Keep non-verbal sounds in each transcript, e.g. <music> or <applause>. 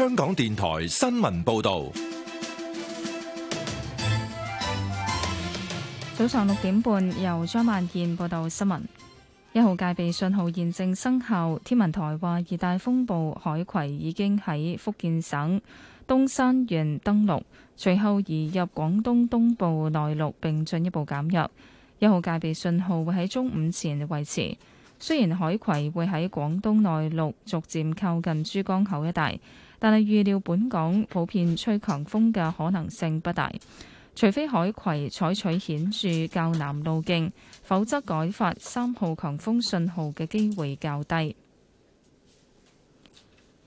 香港電台新聞報道，早上六點半，由張萬健報道新聞。一號戒備信號現正生效，天文台話熱帶風暴海葵已經喺福建省東山縣登陸，隨後移入廣東東部內陸，並進一步減弱。一號戒備信號會喺中午前維持，雖然海葵會喺廣東內陸逐漸靠近珠江口一帶。但係預料本港普遍吹強風嘅可能性不大，除非海葵採取顯著較南路徑，否則改發三號強風信號嘅機會較低。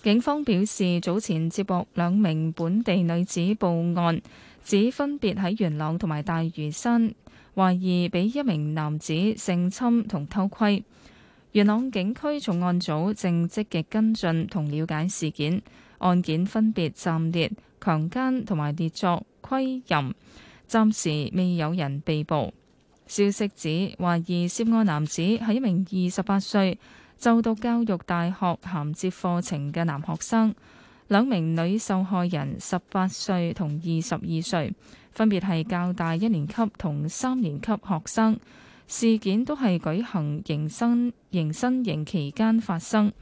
警方表示，早前接獲兩名本地女子報案，指分別喺元朗同埋大嶼山，懷疑被一名男子性侵同偷窺。元朗警區重案組正積極跟進同了解事件。案件分別暫列強姦同埋列作窺淫，暫時未有人被捕。消息指，懷疑涉案男子係一名二十八歲就讀教育大學銜接課程嘅男學生，兩名女受害人十八歲同二十二歲，分別係教大一年級同三年級學生。事件都係舉行迎新迎新營期間發生。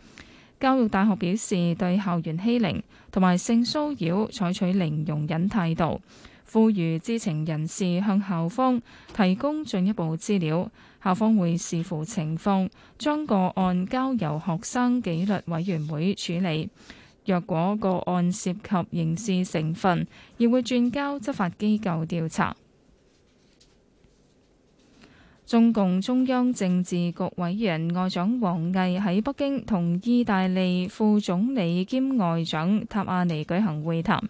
教育大學表示，對校園欺凌同埋性騷擾採取零容忍態度，呼籲知情人士向校方提供進一步資料。校方會視乎情況將個案交由學生紀律委員會處理。若果個案涉及刑事成分，亦會轉交執法機構調查。中共中央政治局委員外長王毅喺北京同意大利副總理兼外長塔阿尼舉行會談。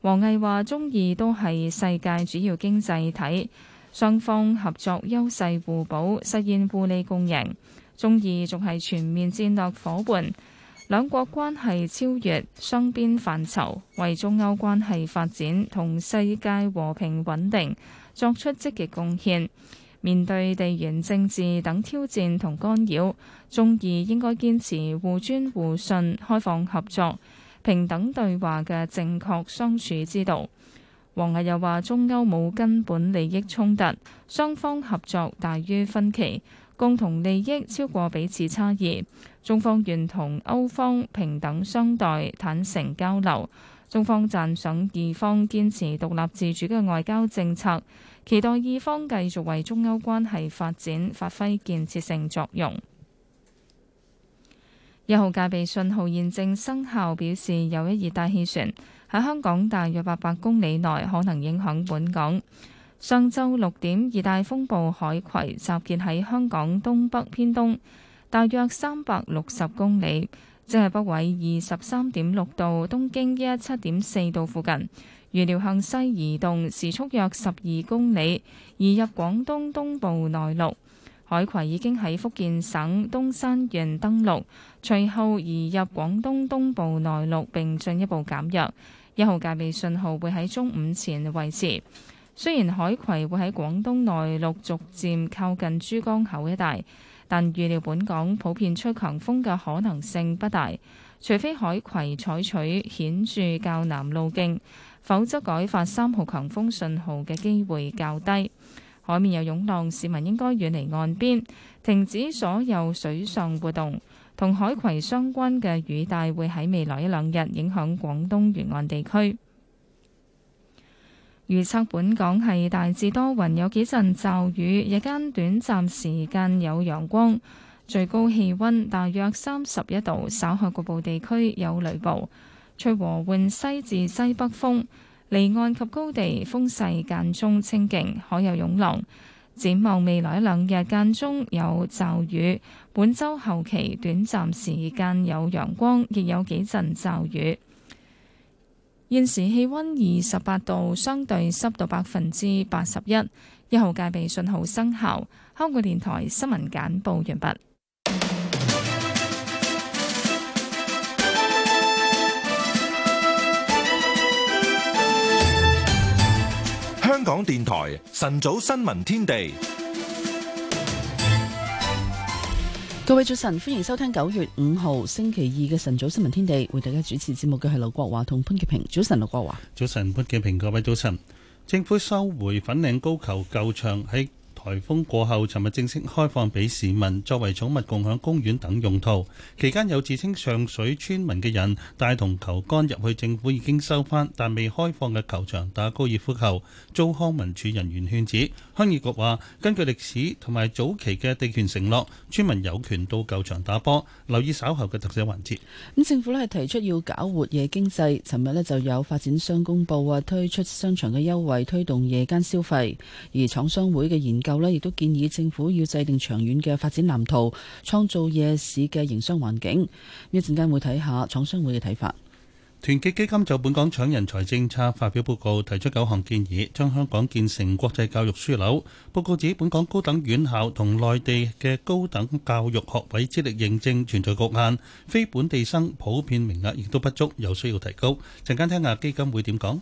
王毅話中意都係世界主要經濟體，雙方合作優勢互補，實現互利共贏。中意仲係全面戰略夥伴，兩國關係超越雙邊範疇，為中歐關係發展同世界和平穩定作出積極貢獻。面對地緣政治等挑戰同干擾，中意應該堅持互尊互信、開放合作、平等對話嘅正確相處之道。王毅又話：中歐冇根本利益衝突，雙方合作大於分歧，共同利益超過彼此差異。中方願同歐方平等相待、坦誠交流。中方讚賞意方堅持獨立自主嘅外交政策。期待意方繼續為中歐關係發展發揮建設性作用。一號戒備信號現正生效，表示有一熱帶氣旋喺香港大約八百公里內可能影響本港。上晝六點熱帶風暴海葵集結喺香港東北偏東大約三百六十公里，即係北緯二十三點六度、東經一一七點四度附近。預料向西移動，時速約十二公里，移入廣東東部內陸。海葵已經喺福建省東山縣登陸，隨後移入廣東東部內陸並進一步減弱。一號戒備信號會喺中午前維持。雖然海葵會喺廣東內陸逐漸靠近珠江口一帶，但預料本港普遍吹強風嘅可能性不大，除非海葵採取顯著較南路徑。否則改發三號強風信號嘅機會較低。海面有湧浪，市民應該遠離岸邊，停止所有水上活動。同海葵相關嘅雨帶會喺未來一兩日影響廣東沿岸地區。預測本港係大致多雲，有幾陣驟雨，日間短暫時間有陽光，最高氣溫大約三十一度，稍後局部地區有雷暴。吹和緩西至西北風，離岸及高地風勢間中清勁，可有湧浪。展望未來兩日間中有驟雨，本周後期短暫時間有陽光，亦有幾陣驟雨。現時氣温二十八度，相對濕度百分之八十一。一號戒備信號生效。香港電台新聞簡報完畢。香港電台晨早新聞天地，各位早晨，歡迎收聽九月五號星期二嘅晨早新聞天地，為大家主持節目嘅係劉國華同潘潔平。早晨，劉國華，早晨，潘潔平，各位早晨。政府收回粉嶺高球舊場喺颱風過後，尋日正式開放俾市民作為寵物共享公園等用途。期間有自稱上水村民嘅人帶同球桿入去政府已經收返但未開放嘅球場打高爾夫球，遭康文署人員勸止。鄉議局話，根據歷史同埋早期嘅地權承諾，村民有權到球場打波。留意稍後嘅特寫環節。咁政府咧係提出要搞活夜經濟，尋日咧就有發展商公佈話推出商場嘅優惠，推動夜間消費。而廠商會嘅研究咧，亦都建議政府要制定長遠嘅發展藍圖，創造夜市嘅營商環境。一陣間會睇下廠商會嘅睇法。團結基金就本港搶人才政策發表報告，提出九項建議，將香港建成國際教育樞紐。報告指，本港高等院校同內地嘅高等教育學位資歷認證存在局限，非本地生普遍名額亦都不足，有需要提高。陣間聽下基金會點講。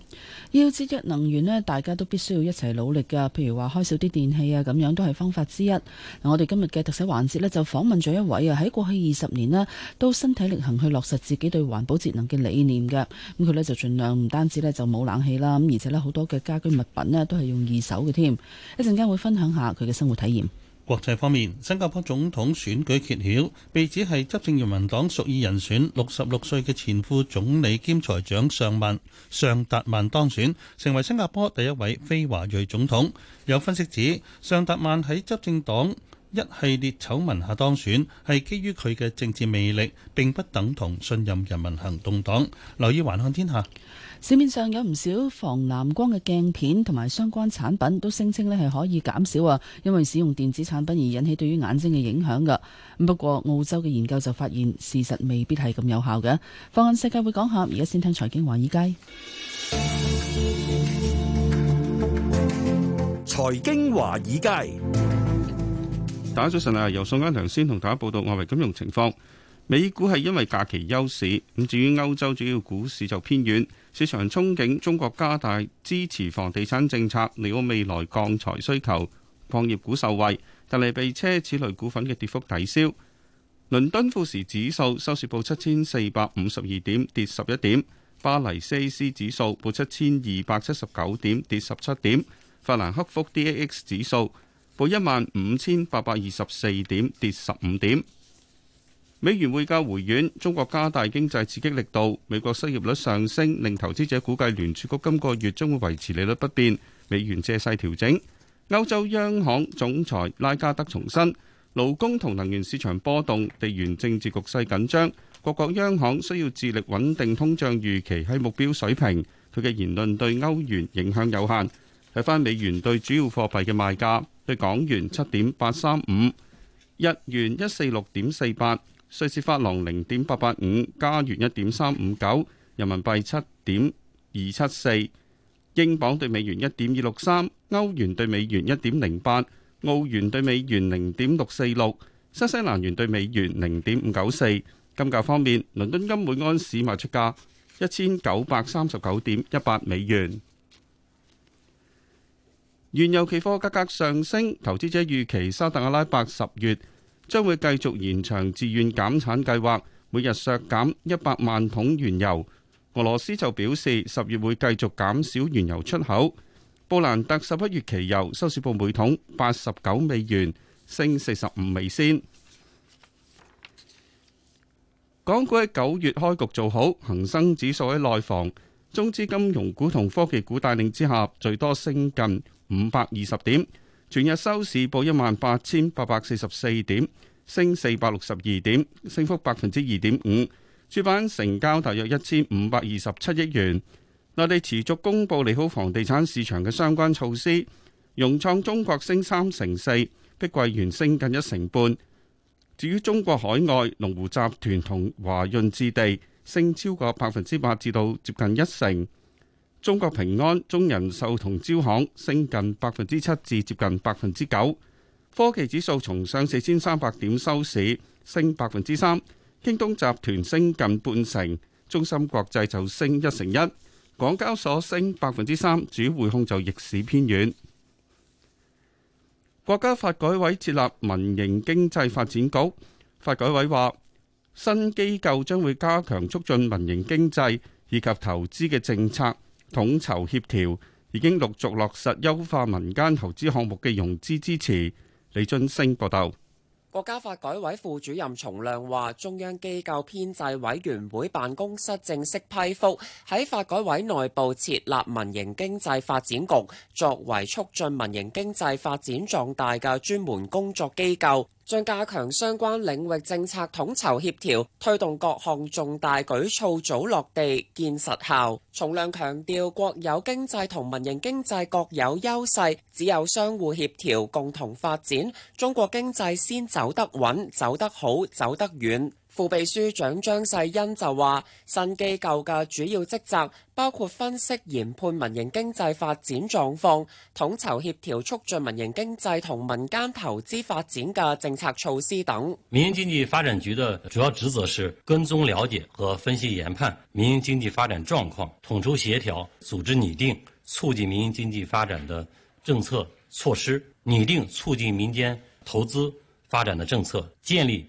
要節約能源呢，大家都必須要一齊努力㗎。譬如話開少啲電器啊，咁樣都係方法之一。嗱，我哋今日嘅特寫環節呢，就訪問咗一位啊，喺過去二十年呢，都身體力行去落實自己對環保節能嘅理念。嘅咁佢呢就盡量唔單止呢，就冇冷氣啦，咁而且呢，好多嘅家居物品呢，都係用二手嘅添。一陣間會分享下佢嘅生活體驗。國際方面，新加坡總統選舉揭曉，被指係執政人民黨屬意人選六十六歲嘅前副總理兼財長尚曼。尚達曼當選，成為新加坡第一位非華裔總統。有分析指尚達曼喺執政黨。一系列醜聞下當選，係基於佢嘅政治魅力，並不等同信任人民行動黨。留意環看天下，市面上有唔少防藍光嘅鏡片同埋相關產品，都聲稱咧係可以減少啊，因為使用電子產品而引起對於眼睛嘅影響嘅。不過澳洲嘅研究就發現，事實未必係咁有效嘅。放眼世界會講下，而家先聽財經華爾街。財經華爾街。大家早晨啊，由宋家良先同大家報道外圍金融情況。美股係因為假期休市，咁至於歐洲主要股市就偏軟。市場憧憬中國加大支持房地產政策，令到未來鋼材需求，礦業股受惠，但係被奢侈類股份嘅跌幅抵消。倫敦富時指數收市報七千四百五十二點，跌十一點。巴黎 CAC 指數報七千二百七十九點，跌十七點。法蘭克福 DAX 指數報一萬五千八百二十四點，跌十五點。美元匯價回軟，中國加大經濟刺激力度，美國失業率上升，令投資者估計聯儲局今個月將會維持利率不變。美元借勢調整。歐洲央行總裁拉加德重申，勞工同能源市場波動，地緣政治局勢緊張，各國央行需要致力穩定通脹預期喺目標水平。佢嘅言論對歐元影響有限。睇翻美元對主要貨幣嘅賣價，對港元七點八三五，日元一四六點四八，瑞士法郎零點八八五，加元一點三五九，人民幣七點二七四，英鎊對美元一點二六三，歐元對美元一點零八，澳元對美元零點六四六，新西蘭元對美元零點五九四。金價方面，倫敦金每安士賣出價一千九百三十九點一八美元。原油期貨價格上升，投資者預期沙特阿拉伯十月將會繼續延長自願減產計劃，每日削減一百萬桶原油。俄羅斯就表示，十月會繼續減少原油出口。布蘭特十一月期油收市報每桶八十九美元，升四十五美仙。港股喺九月開局做好，恒生指數喺內房、中資金融股同科技股帶領之下，最多升近五百二十點，全日收市報一萬八千八百四十四點，升四百六十二點，升幅百分之二點五。主板成交大約一千五百二十七億元。內地持續公布利好房地產市場嘅相關措施，融創中國升三成四，碧桂園升近一成半。至於中國海外，龍湖集團同華潤置地升超過百分之八至到接近一成。中國平安、中人壽同招行升近百分之七至接近百分之九。科技指數從上四千三百點收市升百分之三。京東集團升近半成，中芯國際就升一成一。港交所升百分之三，主匯控就逆市偏軟。國家發改委設立民營經濟發展局。發改委話，新機構將會加強促進民營經濟以及投資嘅政策。統籌協調，已經陸續落實優化民間投資項目嘅融資支持。李俊升報道。國家發改委副主任叢亮話：中央機構編制委員會辦公室正式批覆喺發改委內部設立民營經濟發展局，作為促進民營經濟發展壯大嘅專門工作機構。將加強相關領域政策統籌協調，推動各項重大舉措早落地、見實效。重亮強調，國有經濟同民營經濟各有優勢，只有相互協調、共同發展，中國經濟先走得穩、走得好、走得遠。副秘書長張世恩就話：新機構嘅主要職責包括分析研判民營經濟發展狀況，統籌協調促進民營經濟同民間投資發展嘅政策措施等。民營經濟發展局的主要職責是跟蹤了解和分析研判民營經濟發展狀況，統籌協調，組織擬定促進民營經濟發展的政策措施，擬定促進民間投資發展的政策，建立。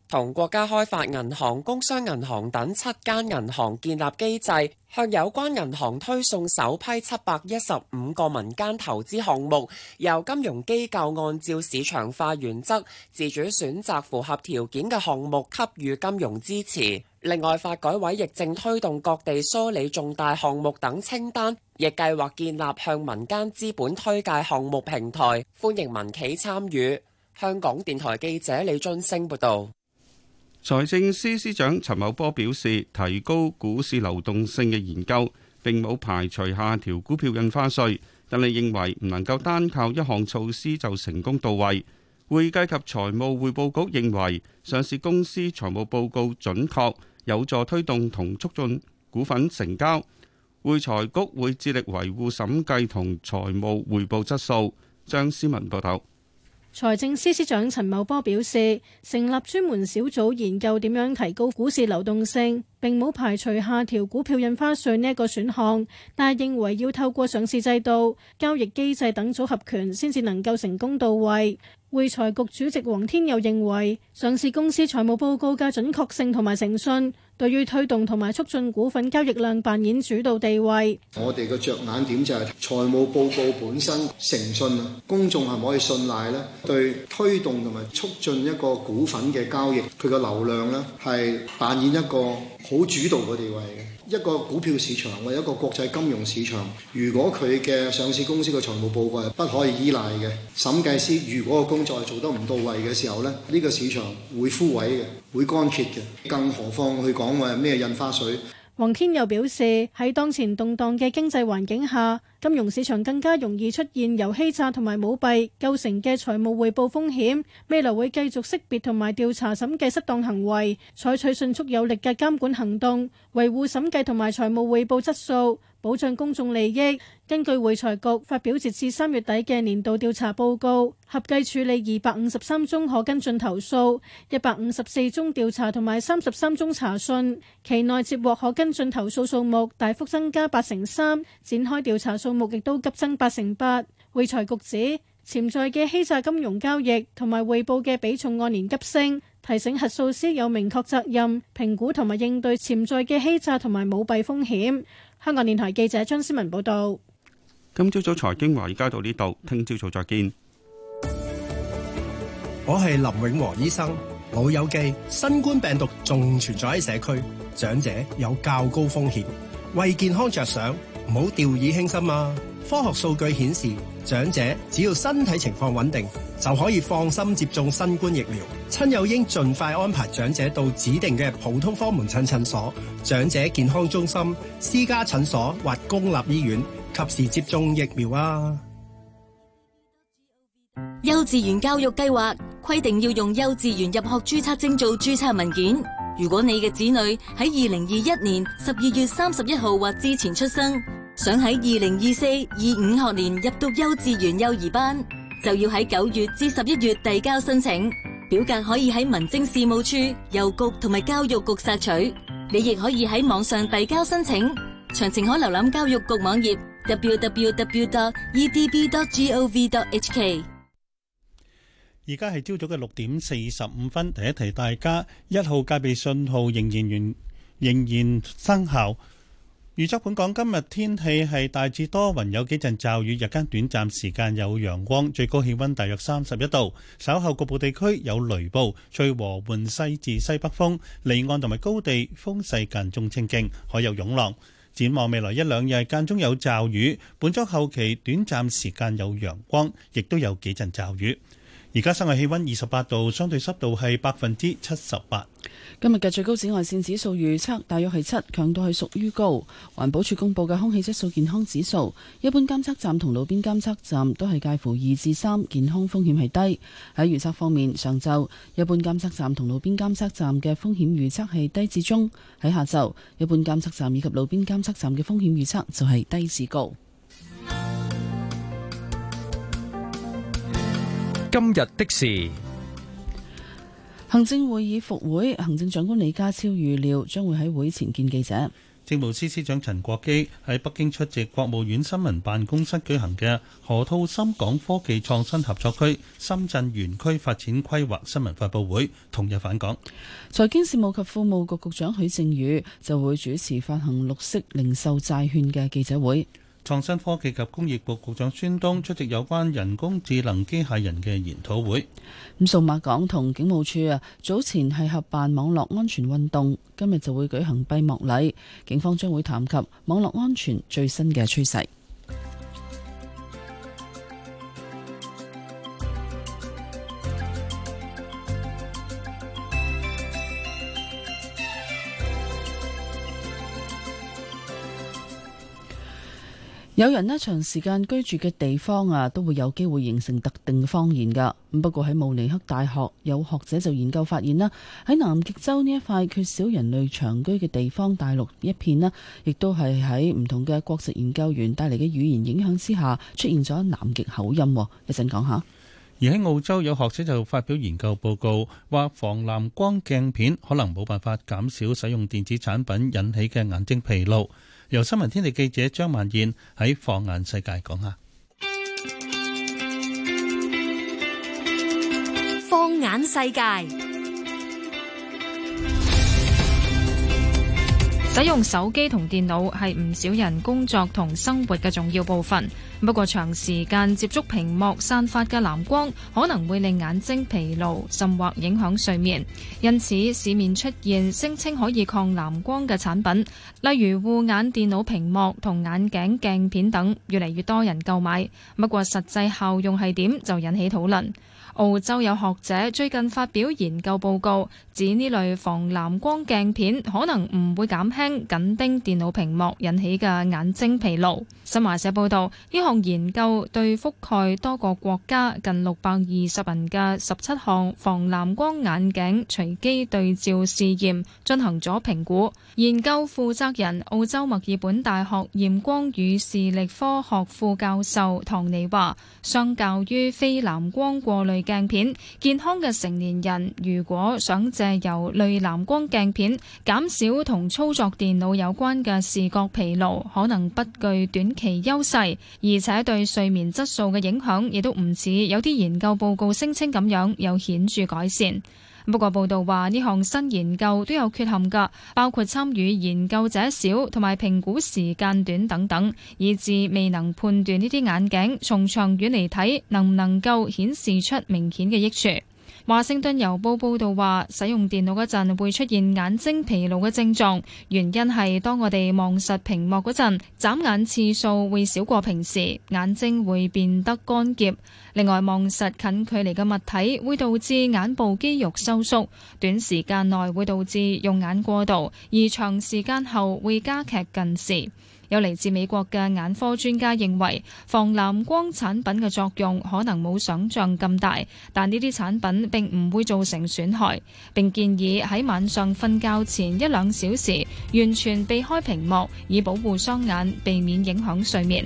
同國家開發銀行、工商銀行等七間銀行建立機制，向有關銀行推送首批七百一十五個民間投資項目，由金融機構按照市場化原則自主選擇符合條件嘅項目，給予金融支持。另外，發改委亦正推動各地梳理重大項目等清單，亦計劃建立向民間資本推介項目平台，歡迎民企參與。香港電台記者李俊升報道。財政司司長陳茂波表示，提高股市流動性嘅研究，並冇排除下調股票印花稅，但係認為唔能夠單靠一項措施就成功到位。會計及財務匯報局認為，上市公司財務報告準確，有助推動同促進股份成交。會財局會致力維護審計同財務匯報質素。張思文報道。財政司司長陳茂波表示，成立專門小組研究點樣提高股市流動性，並冇排除下調股票印花稅呢一個選項，但係認為要透過上市制度、交易機制等組合拳，先至能夠成功到位。匯財局主席黃天佑認為，上市公司財務報告嘅準確性同埋誠信。對於推動同埋促進股份交易量扮演主導地位，我哋嘅着眼點就係財務報告本身誠信，公眾係咪可以信賴咧。對推動同埋促進一個股份嘅交易，佢個流量咧係扮演一個好主導嘅地位嘅。一個股票市場，或者一個國際金融市場，如果佢嘅上市公司嘅財務報告係不可以依賴嘅，審計師，如果個工作做得唔到位嘅時候咧，呢個市場會枯萎嘅，會乾竭嘅，更何況去講話咩印花稅。黃天佑表示，喺當前動盪嘅經濟環境下，金融市場更加容易出現由欺詐同埋舞弊構成嘅財務匯報風險。未來會繼續識別同埋調查審計失當行為，採取迅速有力嘅監管行動，維護審計同埋財務匯報質素。保障公眾利益。根據會財局發表截至三月底嘅年度調查報告，合計處理二百五十三宗可跟進投訴，一百五十四宗調查同埋三十三宗查詢。期內接獲可跟進投訴數目大幅增加八成三，展開調查數目亦都急增八成八。會財局指潛在嘅欺詐金融交易同埋匯報嘅比重按年急升，提醒核數師有明確責任評估同埋應對潛在嘅欺詐同埋舞弊風險。香港電台記者張思文報道。今朝早財經、華爾街到呢度，聽朝早再見。我係林永和醫生。老友記，新冠病毒仲存在喺社區，長者有較高風險，為健康着想，唔好掉以輕心啊！科學數據顯示，長者只要身體情況穩定，就可以放心接種新冠疫苗。親友應盡快安排長者到指定嘅普通科門診診所、長者健康中心、私家診所或公立醫院，及時接種疫苗啊。幼稚園教育計劃規定要用幼稚園入學註冊證做註冊文件。如果你嘅子女喺二零二一年十二月三十一號或之前出生。想喺二零二四二五學年入讀幼稚園幼兒班，就要喺九月至十一月遞交申請，表格可以喺民政事務處郵局同埋教育局索取。你亦可以喺網上遞交申請，詳情可瀏覽教育局網頁 www.edb.gov.hk。而家係朝早嘅六點四十五分，提一提大家，一號戒備信號仍然完仍然生效。預測本港今日天氣係大致多雲，有幾陣驟雨，日間短暫時間有陽光，最高氣温大約三十一度。稍後局部地區有雷暴，吹和緩西至西北風，離岸同埋高地風勢間中清勁，海有湧浪。展望未來一兩日間中有驟雨，本周後期短暫時間有陽光，亦都有幾陣驟雨。而家室外氣溫二十八度，相對濕度係百分之七十八。今日嘅最高紫外線指數預測大約係七，強度係屬於高。環保署公佈嘅空氣質素健康指數，一般監測站同路邊監測站都係介乎二至三，健康風險係低。喺預測方面，上晝一般監測站同路邊監測站嘅風險預測係低至中；喺下晝，一般監測站以及路邊監測站嘅風險預測就係低至高。 <music> 今日的事，行政會議復會，行政長官李家超預料將會喺會前見記者。政務司司長陳國基喺北京出席國務院新聞辦公室舉行嘅河套深港科技創新合作區深圳園區發展規劃新聞發布會，同日返港。財經事務及庫務局局，局長許正宇就會主持發行綠色零售債券嘅記者會。創新科技及工業局局長孫東出席有關人工智能機械人嘅研討會。數碼港同警務處啊，早前係合辦網絡安全運動，今日就會舉行閉幕禮。警方將會談及網絡安全最新嘅趨勢。有人呢，長時間居住嘅地方啊，都會有機會形成特定嘅方言噶。不過喺慕尼黑大學有學者就研究發現啦，喺南極洲呢一塊缺少人類長居嘅地方，大陸一片啦，亦都係喺唔同嘅國籍研究員帶嚟嘅語言影響之下，出現咗南極口音。一陣講下。而喺澳洲有學者就發表研究報告，話防藍光鏡片可能冇辦法減少使用電子產品引起嘅眼睛疲勞。由新聞天地記者張萬燕喺《放眼世界》講下，《放眼世界》 <music> 使用手機同電腦係唔少人工作同生活嘅重要部分。不過長時間接觸屏幕散發嘅藍光，可能會令眼睛疲勞，甚或影響睡眠。因此，市面出現聲稱可以抗藍光嘅產品，例如護眼電腦屏幕同眼鏡鏡片等，越嚟越多人購買。不過實際效用係點，就引起討論。澳洲有學者最近發表研究報告，指呢類防藍光鏡片可能唔會減輕緊盯電腦屏幕引起嘅眼睛疲勞。新華社報道，呢項研究對覆蓋多個國家近六百二十人嘅十七項防藍光眼鏡隨機對照試驗進行咗評估。研究負責人澳洲墨爾本大學驗光與視力科學副教授唐尼話，相較於非藍光過濾鏡片，健康嘅成年人如果想借由濾藍光鏡片減少同操作電腦有關嘅視覺疲勞，可能不具短期優勢，而且對睡眠質素嘅影響亦都唔似有啲研究報告聲稱咁樣有顯著改善。不過報道話呢項新研究都有缺陷㗎，包括參與研究者少，同埋評估時間短等等，以致未能判斷呢啲眼鏡從長遠嚟睇能唔能夠顯示出明顯嘅益處。華盛頓郵報報道話，使用電腦嗰陣會出現眼睛疲勞嘅症狀，原因係當我哋望實屏幕嗰陣，眨眼次數會少過平時，眼睛會變得乾澀。另外，望實近距離嘅物體會導致眼部肌肉收縮，短時間內會導致用眼過度，而長時間後會加劇近視。有嚟自美國嘅眼科專家認為，防藍光產品嘅作用可能冇想像咁大，但呢啲產品並唔會造成損害。並建議喺晚上瞓覺前一兩小時完全避開屏幕，以保護雙眼，避免影響睡眠。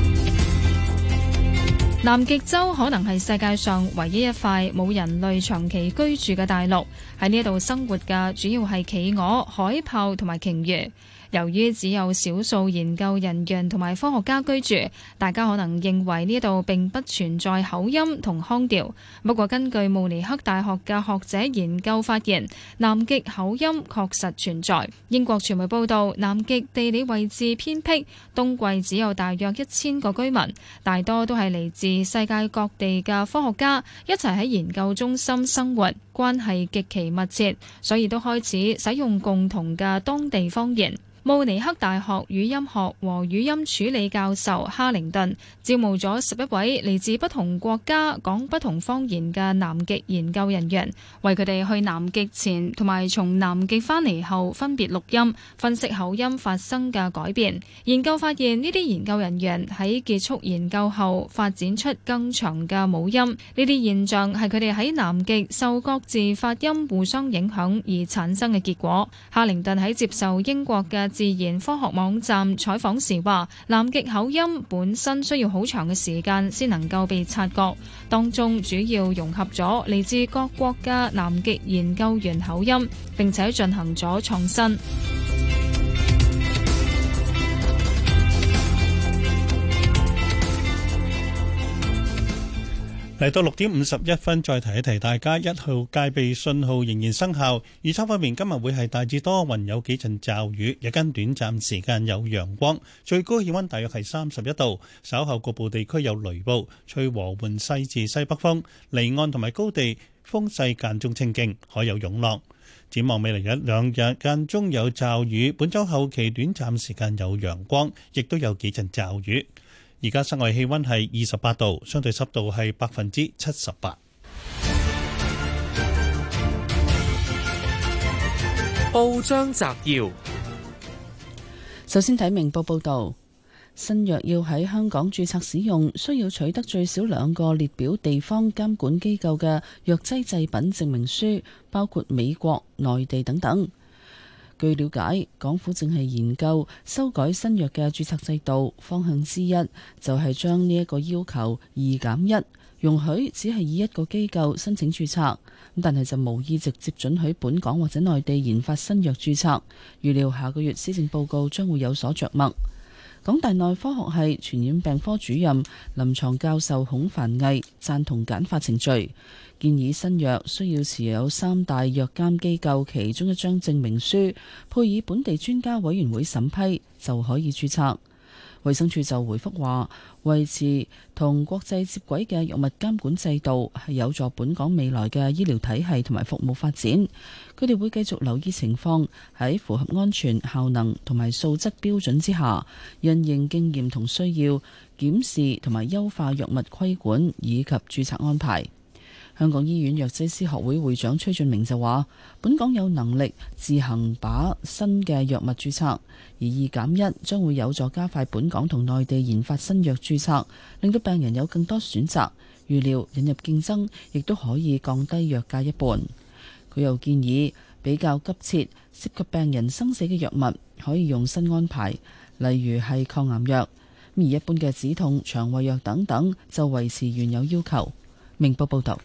<music> 南極洲可能係世界上唯一一塊冇人類長期居住嘅大陸。喺呢度生活嘅主要係企鵝、海豹同埋鯨魚。由於只有少數研究人員同埋科學家居住，大家可能認為呢度並不存在口音同腔調。不過根據慕尼黑大學嘅學者研究發現，南極口音確實存在。英國傳媒報道，南極地理位置偏僻，冬季只有大約一千個居民，大多都係嚟自世界各地嘅科學家一齊喺研究中心生活。關係極其密切，所以都開始使用共同嘅當地方言。慕尼黑大學語音學和語音處理教授哈靈頓招募咗十一位嚟自不同國家、講不同方言嘅南極研究人員，為佢哋去南極前同埋從南極返嚟後分別錄音，分析口音發生嘅改變。研究發現，呢啲研究人員喺結束研究後發展出更長嘅母音，呢啲現象係佢哋喺南極受過自發音互相影響而產生嘅結果。夏令頓喺接受英國嘅自然科學網站採訪時話，南極口音本身需要好長嘅時間先能夠被察覺，當中主要融合咗嚟自各國嘅南極研究員口音，並且進行咗創新。嚟到六點五十一分，再提一提大家，一號戒備信號仍然生效。預測方面，今日會係大致多雲，有幾陣驟雨，日間短暫時間有陽光，最高氣溫大約係三十一度。稍後局部地區有雷暴，吹和緩西至西北風，離岸同埋高地風勢間中清勁，海有湧浪。展望未來一兩日間中有驟雨，本週後期短暫時間有陽光，亦都有幾陣驟雨。而家室外氣溫係二十八度，相對濕度係百分之七十八。報章摘要：首先睇明報報道，新藥要喺香港注冊使用，需要取得最少兩個列表地方監管機構嘅藥劑製品證明書，包括美國、內地等等。據了解，港府正係研究修改新藥嘅注冊制度，方向之一就係將呢一個要求二減一，1，容許只係以一個機構申請註冊。但係就無意直接准許本港或者內地研發新藥註冊。預料下個月施政報告將會有所着墨。港大內科學系傳染病科主任、臨床教授孔凡毅贊同簡化程序，建議新藥需要持有三大藥監機構其中一張證明書，配以本地專家委員會審批，就可以註冊。衛生署就回覆話，維持同國際接軌嘅藥物監管制度係有助本港未來嘅醫療體系同埋服務發展。佢哋會繼續留意情況，喺符合安全、效能同埋素質標準之下，因應經驗同需要，檢視同埋優化藥物規管以及註冊安排。香港醫院藥劑師學會會長崔俊明就話：本港有能力自行把新嘅藥物註冊，而二減一將會有助加快本港同內地研發新藥註冊，令到病人有更多選擇。預料引入競爭，亦都可以降低藥價一半。佢又建議比較急切涉及病人生死嘅藥物可以用新安排，例如係抗癌藥，而一般嘅止痛、腸胃藥等等就維持原有要求。明報報導。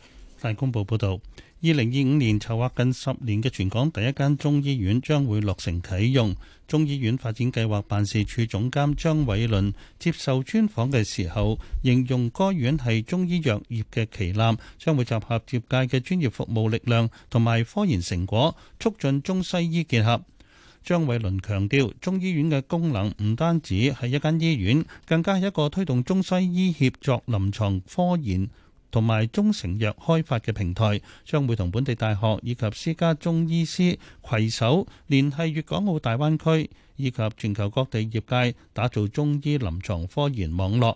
《大公報》報道，二零二五年籌劃近十年嘅全港第一間中醫院將會落成啟用。中醫院發展計劃辦事處總監張偉麟接受專訪嘅時候，形容該院係中醫藥業嘅旗艦，將會集合業界嘅專業服務力量同埋科研成果，促進中西醫結合。張偉麟強調，中醫院嘅功能唔單止係一間醫院，更加係一個推動中西醫協作臨床科研，同埋中成藥開發嘅平台，將會同本地大學以及私家中醫師攜手，聯繫粵港澳大灣區以及全球各地業界，打造中醫臨床科研網絡。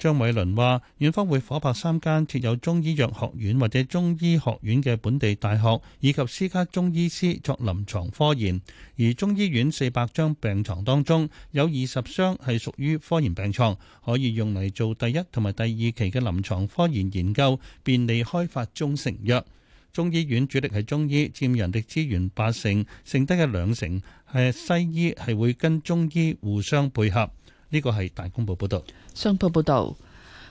張偉麟話：院方會夥拍三間設有中醫藥學院或者中醫學院嘅本地大學，以及私家中醫師作臨床科研。而中醫院四百張病床當中，有二十張係屬於科研病床，可以用嚟做第一同埋第二期嘅臨床科研研究，便利開發中成藥。中醫院主力係中醫，佔人力資源八成，剩低嘅兩成係西醫，係會跟中醫互相配合。呢個係大公報報導，商報報導，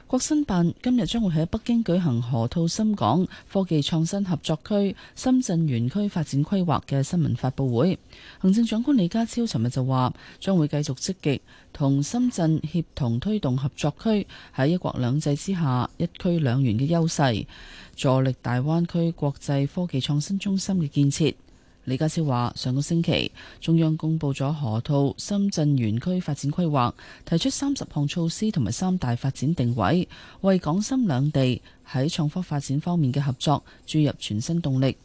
國新辦今日將會喺北京舉行河套深港科技創新合作區深圳園區發展規劃嘅新聞發佈會。行政長官李家超尋日就話，將會繼續積極同深圳協同推動合作區喺一國兩制之下一區兩園嘅優勢，助力大灣區國際科技創新中心嘅建設。李家超話：上個星期，中央公布咗河套深圳園區發展規劃，提出三十項措施同埋三大發展定位，為港深兩地喺創科發展方面嘅合作注入全新動力。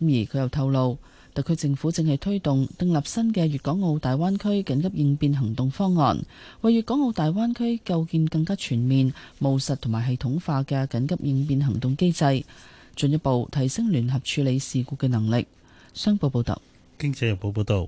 而佢又透露，特區政府正係推動訂立新嘅粵港澳大灣區緊急應變行動方案，為粵港澳大灣區構建更加全面、務實同埋系統化嘅緊急應變行動機制，進一步提升聯合處理事故嘅能力。商報報導，《經濟日報》報導，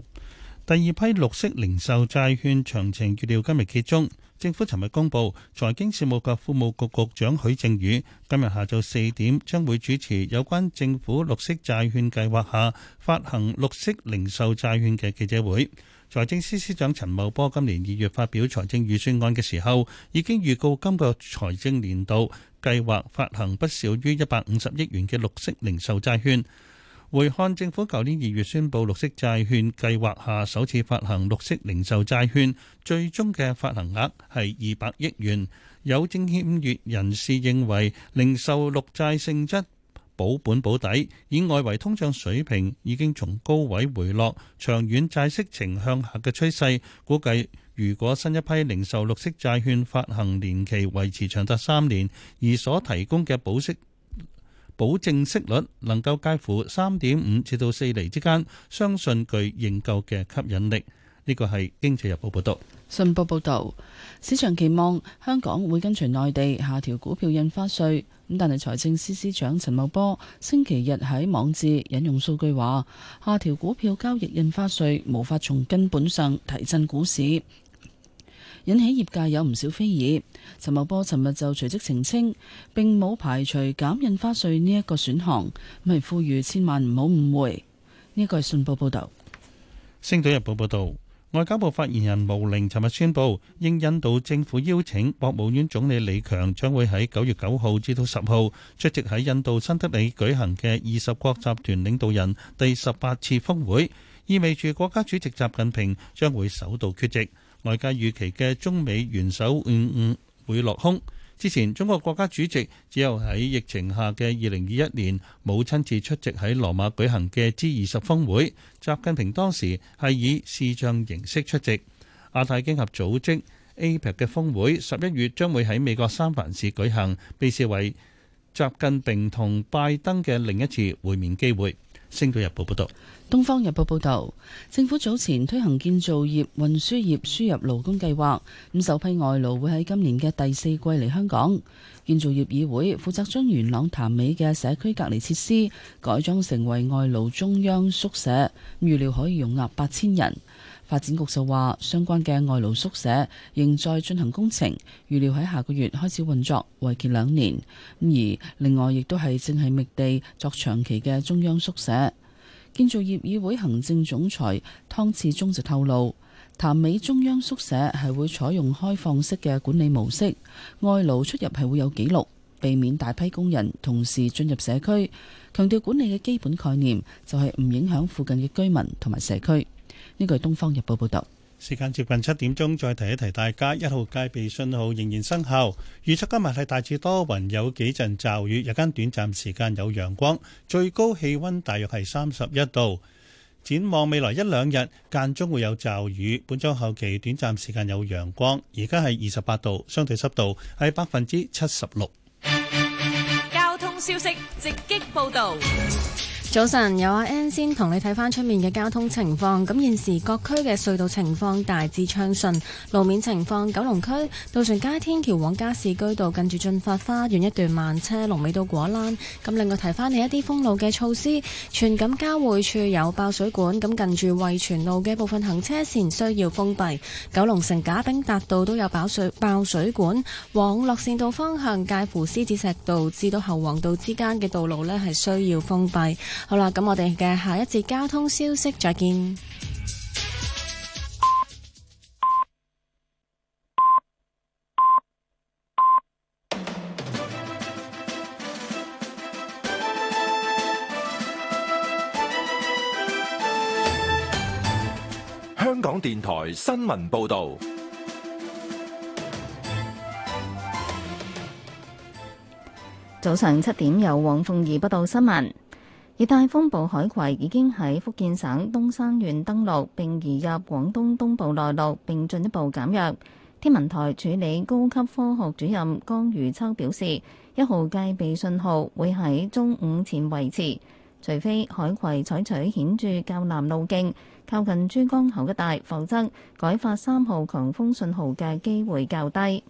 第二批綠色零售債券詳情預料今日揭盅。政府尋日公布，財經事務及庫務局局長許正宇今日下晝四點將會主持有關政府綠色債券計劃下發行綠色零售債券嘅記者會。財政司司長陳茂波今年二月發表財政預算案嘅時候，已經預告今個財政年度計劃發行不少於一百五十億元嘅綠色零售債券。回看政府舊年二月宣布綠色債券計劃下首次發行綠色零售債券，最終嘅發行額係二百億元。有證券業人士認為零售綠債性質保本保底，以外圍通脹水平已經從高位回落，長遠債息呈向下嘅趨勢，估計如果新一批零售綠色債券發行年期維持長達三年，而所提供嘅保息保證息率能夠介乎三點五至到四厘之間，相信具認購嘅吸引力。呢個係經濟日報報導。信報報導，市場期望香港會跟隨內地下調股票印花稅，咁但係財政司司長陳茂波星期日喺網誌引用數據話，下調股票交易印花稅無法從根本上提振股市。引起業界有唔少非議，陳茂波尋日就隨即澄清，並冇排除減印花稅呢一個選項，咪呼籲千萬唔好誤會。呢個係信報報道。星島日報報道，外交部發言人毛寧尋日宣布，應印度政府邀請，國務院總理李強將會喺九月九號至到十號出席喺印度新德里舉行嘅二十國集團領導人第十八次峰會，意味住國家主席習近平將會首度缺席。外界預期嘅中美元首五五會落空。之前中國國家主席只有喺疫情下嘅二零二一年冇親自出席喺羅馬舉行嘅 G 二十峰會，習近平當時係以視像形式出席。亞太經合組織 APEC 嘅峰會十一月將會喺美國三藩市舉行，被視為習近平同拜登嘅另一次會面機會。星島日報報道，東方日報報道，政府早前推行建造業、運輸業輸入勞工計劃，咁首批外勞會喺今年嘅第四季嚟香港。建造業議會負責將元朗潭尾嘅社區隔離設施改裝成為外勞中央宿舍，預料可以容納八千人。發展局就話，相關嘅外勞宿舍仍在進行工程，預料喺下個月開始運作，為期兩年。而另外亦都係正係覓地作長期嘅中央宿舍。建造業議會行政總裁湯次忠就透露，潭尾中央宿舍係會採用開放式嘅管理模式，外勞出入係會有記錄，避免大批工人同時進入社區。強調管理嘅基本概念就係唔影響附近嘅居民同埋社區。呢個係《東方日報》報道。時間接近七點鐘，再提一提大家，一號戒備信號仍然生效。預測今日係大致多雲，有幾陣驟雨，日間短暫時間有陽光，最高氣溫大約係三十一度。展望未來一兩日，間中會有驟雨，本週後期短暫時間有陽光。而家係二十八度，相對濕度係百分之七十六。交通消息直擊報道。早晨，有阿 N 先同你睇翻出面嘅交通情況。咁現時各區嘅隧道情況大致暢順，路面情況。九龍區渡船街天橋往加士居道近住進發花園一段慢車，龍尾到果欄。咁另外提翻你一啲封路嘅措施。荃錦交匯處有爆水管，咁近住惠荃路嘅部分行車線需要封閉。九龍城賈炳達道都有爆水爆水管，往樂善道方向介乎獅子石、石道至到侯王道之間嘅道路呢係需要封閉。好啦，咁我哋嘅下一節交通消息再見。香港電台新聞報道，早上七點有黃鳳儀報道新聞。熱帶風暴海葵已經喺福建省東山縣登陸，並移入廣東東部內陸，並進一步減弱。天文台助理高級科學主任江如秋表示，一號戒備信號會喺中午前維持，除非海葵採取顯著較南路徑，靠近珠江口一帶，否則改發三號強風信號嘅機會較低。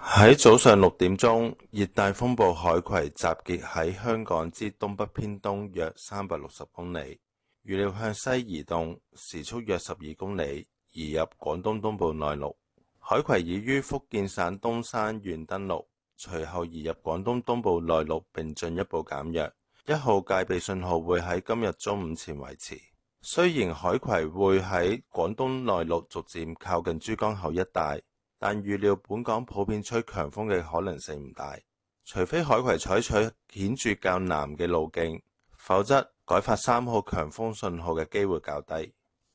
喺早上六點鐘，熱帶風暴海葵集結喺香港之東北偏東約三百六十公里，預料向西移動，時速約十二公里，移入廣東東部內陸。海葵已於福建省東山縣登陸，隨後移入廣東東部內陸，並進一步減弱。一號戒備信號會喺今日中午前維持。雖然海葵會喺廣東內陸逐漸靠近珠江口一帶。但預料本港普遍吹強風嘅可能性唔大，除非海葵採取顯著較南嘅路徑，否則改發三號強風信號嘅機會較低。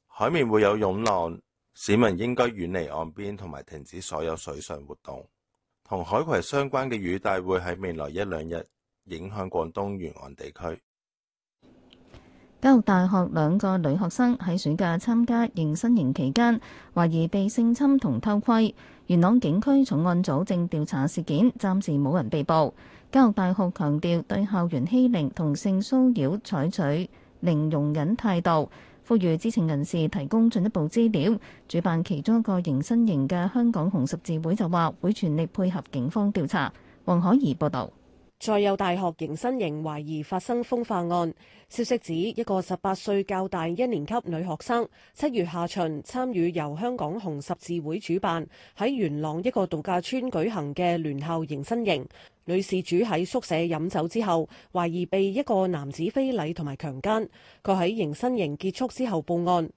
海面會有湧浪，市民應該遠離岸邊同埋停止所有水上活動。同海葵相關嘅雨帶會喺未來一兩日影響廣東沿岸地區。教育大學兩個女學生喺暑假參加迎新營期間，懷疑被性侵同偷窺。元朗警區重案組正調查事件，暫時冇人被捕。教育大學強調對校園欺凌、同性騷擾採取零容忍態度，呼籲知情人士提供進一步資料。主辦其中一個迎新營嘅香港紅十字會就話會全力配合警方調查。黃可怡報導。再有大學迎新營懷疑發生風化案，消息指一個十八歲較大一年級女學生，七月下旬參與由香港紅十字會主辦喺元朗一個度假村舉行嘅聯校迎新營。女事主喺宿舍飲酒之後，懷疑被一個男子非禮同埋強姦。佢喺迎新營結束之後報案。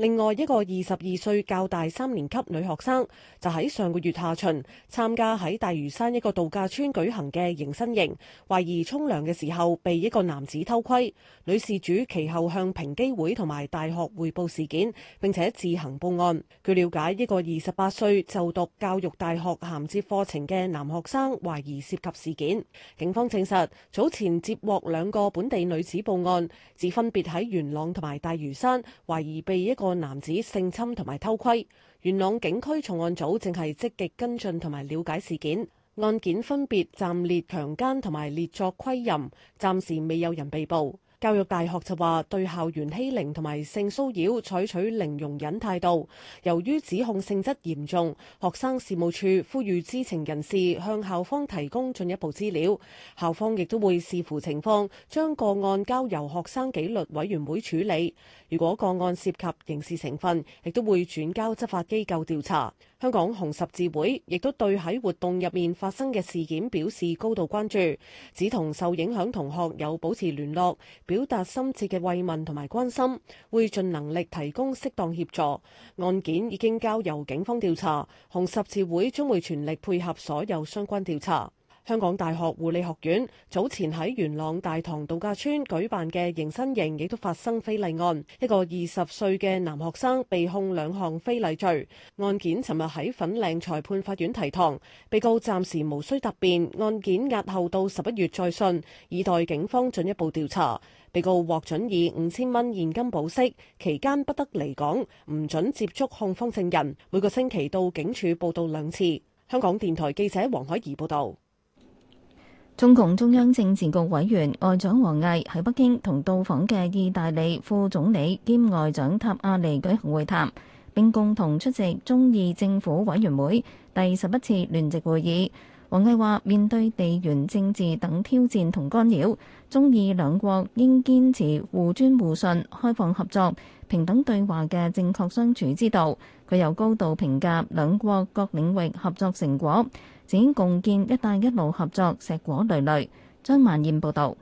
另外一個二十二歲較大三年級女學生就喺上個月下旬參加喺大嶼山一個度假村舉行嘅迎新營，懷疑沖涼嘅時候被一個男子偷窺。女事主其後向平機會同埋大學匯報事件，並且自行報案。據了解，一個二十八歲就讀教育大學銜接課程嘅男學生懷疑涉，涉及事件。警方證實早前接獲兩個本地女子報案，自分別喺元朗同埋大嶼山，懷疑被一個個男子性侵同埋偷窺，元朗警區重案組正係積極跟進同埋了解事件，案件分別暫列強姦同埋列作窺淫，暫時未有人被捕。教育大學就話對校園欺凌同埋性騷擾採取零容忍態度。由於指控性質嚴重，學生事務處呼籲知情人士向校方提供進一步資料。校方亦都會視乎情況，將個案交由學生紀律委員會處理。如果個案涉及刑事成分，亦都會轉交執法機構調查。香港紅十字會亦都對喺活動入面發生嘅事件表示高度關注，只同受影響同學有保持聯絡，表達深切嘅慰問同埋關心，會盡能力提供適當協助。案件已經交由警方調查，紅十字會將會全力配合所有相關調查。香港大學護理學院早前喺元朗大棠度假村舉辦嘅迎新營亦都發生非禮案。一個二十歲嘅男學生被控兩項非禮罪，案件尋日喺粉嶺裁判法院提堂，被告暫時無需答辯，案件押後到十一月再訊，以待警方進一步調查。被告獲准以五千蚊現金保釋，期間不得離港，唔准接觸控方證人，每個星期到警署報到兩次。香港電台記者黃海怡報道。中共中央政治局委員外長王毅喺北京同到訪嘅意大利副總理兼外長塔亞尼舉行會談，並共同出席中意政府委員會第十一次聯席會議。王毅話，面對地緣政治等挑戰同干擾，中意兩國應堅持互尊互信、開放合作、平等對話嘅正確相處之道。佢又高度評價兩國各領域合作成果。展共建“一帶一路”合作碩果累累。張萬燕報道，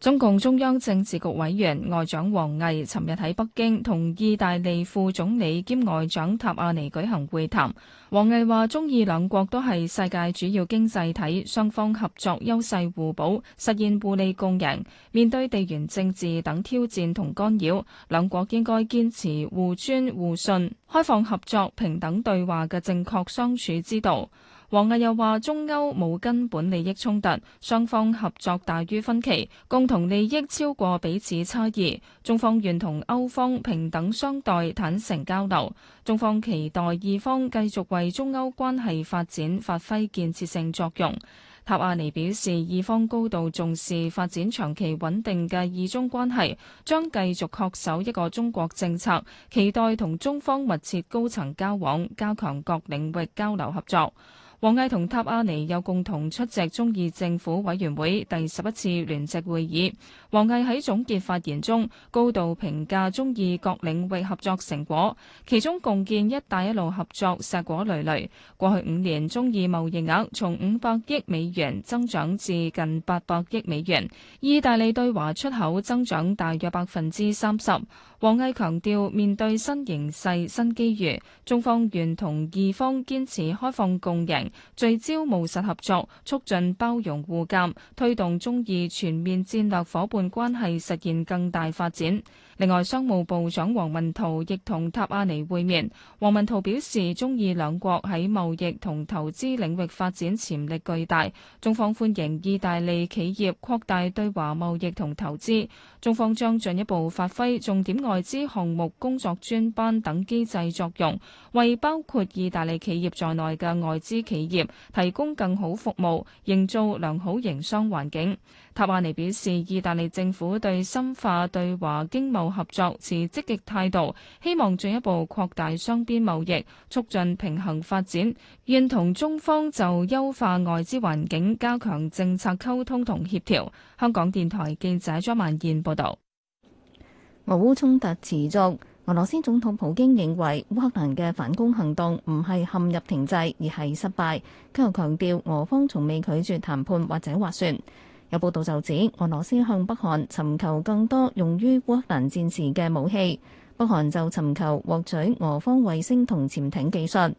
中共中央政治局委員外長王毅尋日喺北京同意大利副總理兼外長塔阿尼舉行會談。王毅話：中意兩國都係世界主要經濟體，雙方合作優勢互補，實現互利共贏。面對地緣政治等挑戰同干擾，兩國應該堅持互尊互信、開放合作、平等對話嘅正確相處之道。王毅又話：中歐冇根本利益衝突，雙方合作大於分歧，共同利益超過彼此差異。中方願同歐方平等相待、坦誠交流。中方期待意方繼續為中歐關係發展發揮建設性作用。塔亞尼表示，意方高度重視發展長期穩定嘅意中關係，將繼續恪守一個中國政策，期待同中方密切高層交往，加強各領域交流合作。王毅同塔阿尼又共同出席中意政府委員會第十一次聯席會議。王毅喺總結發言中高度評價中意各領域合作成果，其中共建“一帶一路”合作碩果纍纍。過去五年，中意貿易額從五百億美元增長至近八百億美元，意大利對華出口增長大約百分之三十。王毅強調，面對新形勢、新機遇，中方願同意方堅持開放共贏，聚焦務實合作，促進包容互鑒，推動中意全面戰略伙伴關係實現更大發展。另外，商務部長王文濤亦同塔亞尼會面。王文濤表示，中意兩國喺貿易同投資領域發展潛力巨大，中方歡迎意大利企業擴大對華貿易同投資。中方將進一步發揮重點外資項目工作專班等機制作用，為包括意大利企業在內嘅外資企業提供更好服務，營造良好營商環境。塔亞尼表示，意大利政府對深化對華經貿合作持積極態度，希望進一步擴大雙邊貿易，促進平衡發展，願同中方就優化外資環境、加強政策溝通同協調，香港電台記者張曼燕報道。俄烏衝突持續，俄羅斯總統普京認為烏克蘭嘅反攻行動唔係陷入停滯，而係失敗，佢又強調俄方從未拒絕談判或者劃算。有報道就指，俄羅斯向北韓尋求更多用於烏克蘭戰時嘅武器，北韓就尋求獲取俄方衛星同潛艇技術。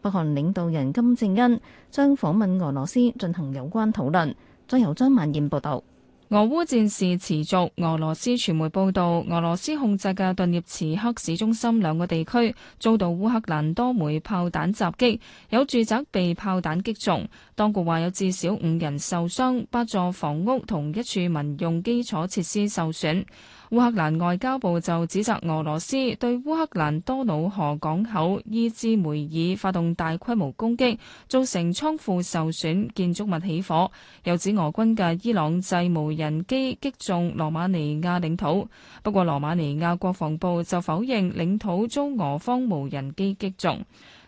北韓領導人金正恩將訪問俄羅斯進行有關討論。再由張萬燕報導。俄烏戰事持續。俄羅斯傳媒報道，俄羅斯控制嘅頓涅茨克市中心兩個地區遭到烏克蘭多枚炮彈襲擊，有住宅被炮彈擊中。當局話有至少五人受傷，八座房屋同一處民用基礎設施受損。烏克蘭外交部就指責俄羅斯對烏克蘭多瑙河港口伊茲梅爾發動大規模攻擊，造成倉庫受損、建築物起火，又指俄軍嘅伊朗製無人機擊中羅馬尼亞領土。不過，羅馬尼亞國防部就否認領土遭俄方無人機擊中。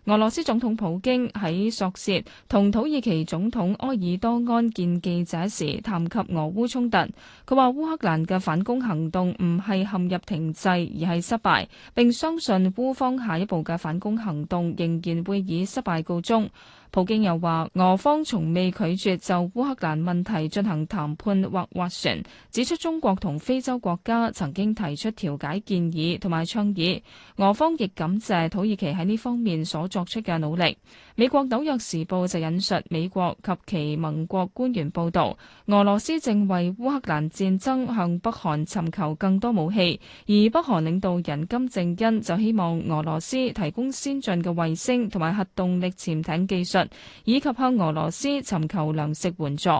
俄羅斯總統普京喺索契同土耳其總統埃爾多安見記者時，談及俄烏衝突，佢話烏克蘭嘅反攻行動唔係陷入停滯，而係失敗，並相信烏方下一步嘅反攻行動仍然會以失敗告終。普京又話：俄方從未拒絕就烏克蘭問題進行談判或斡旋，指出中國同非洲國家曾經提出調解建議同埋倡議。俄方亦感謝土耳其喺呢方面所作出嘅努力。美國紐約時報就引述美國及其盟國官員報導，俄羅斯正為烏克蘭戰爭向北韓尋求更多武器，而北韓領導人金正恩就希望俄羅斯提供先進嘅衛星同埋核動力潛艇技術。以及向俄羅斯尋求糧食援助。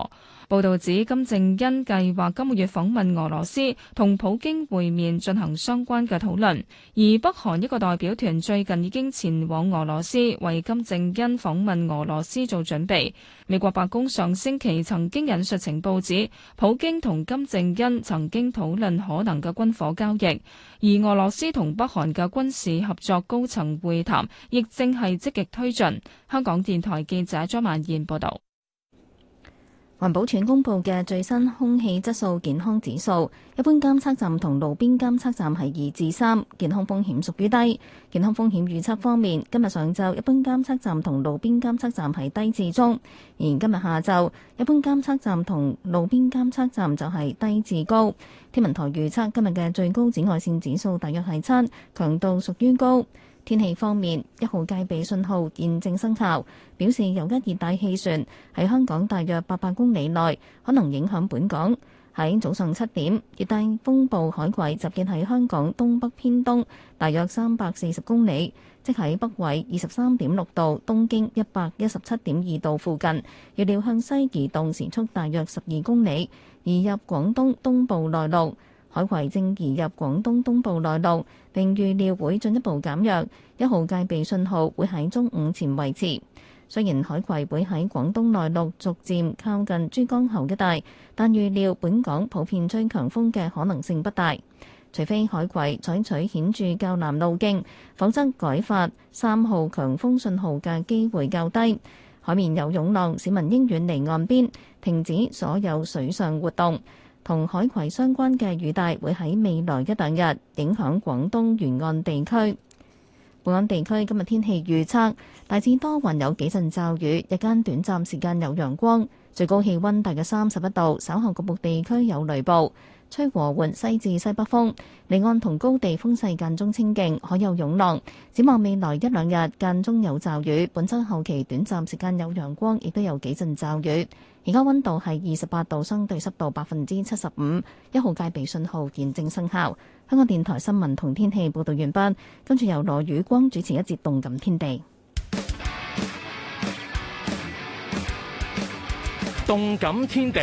報道指金正恩計劃今個月訪問俄羅斯，同普京會面進行相關嘅討論。而北韓一個代表團最近已經前往俄羅斯，為金正恩訪問俄羅斯做準備。美國白宮上星期曾經引述情報指，普京同金正恩曾經討論可能嘅軍火交易，而俄羅斯同北韓嘅軍事合作高層會談亦正係積極推進。香港電台記者張曼燕報導。環保署公布嘅最新空氣質素健康指數，一般監測站同路邊監測站係二至三，健康風險屬於低。健康風險預測方面，今日上晝一般監測站同路邊監測站係低至中，而今日下晝一般監測站同路邊監測站就係低至高。天文台預測今日嘅最高紫外線指數大約係七，強度屬於高。天氣方面，一號戒備信號現正生效，表示有一熱帶氣旋喺香港大約八百公里內可能影響本港。喺早上七點，熱帶風暴海葵集結喺香港東北偏東大約三百四十公里，即喺北緯二十三點六度、東經一百一十七點二度附近。預料向西移動時速大約十二公里，移入廣東東部內陸，海葵正移入廣東東部內陸。並預料會進一步減弱，一號戒備信號會喺中午前維持。雖然海葵會喺廣東內陸逐漸靠近珠江口一帶，但預料本港普遍吹強風嘅可能性不大，除非海葵採取顯著較南路徑，否則改發三號強風信號嘅機會較低。海面有湧浪，市民應遠離岸邊，停止所有水上活動。同海葵相關嘅雨帶會喺未來一兩日影響廣東沿岸地區。本港地區今日天，天氣預測大致多雲，有幾陣驟雨，日間短暫時間有陽光，最高氣温大約三十一度。稍後局部地區有雷暴，吹和緩西至西北風。離岸同高地風勢間中清勁，海有湧浪。展望未來一兩日間中有驟雨，本週後期短暫時間有陽光，亦都有幾陣驟雨。而家溫度係二十八度，相對濕度百分之七十五。一號戒備信號現正生效。香港電台新聞同天氣報道完畢，跟住由羅宇光主持一節《動感天地》。《動感天地》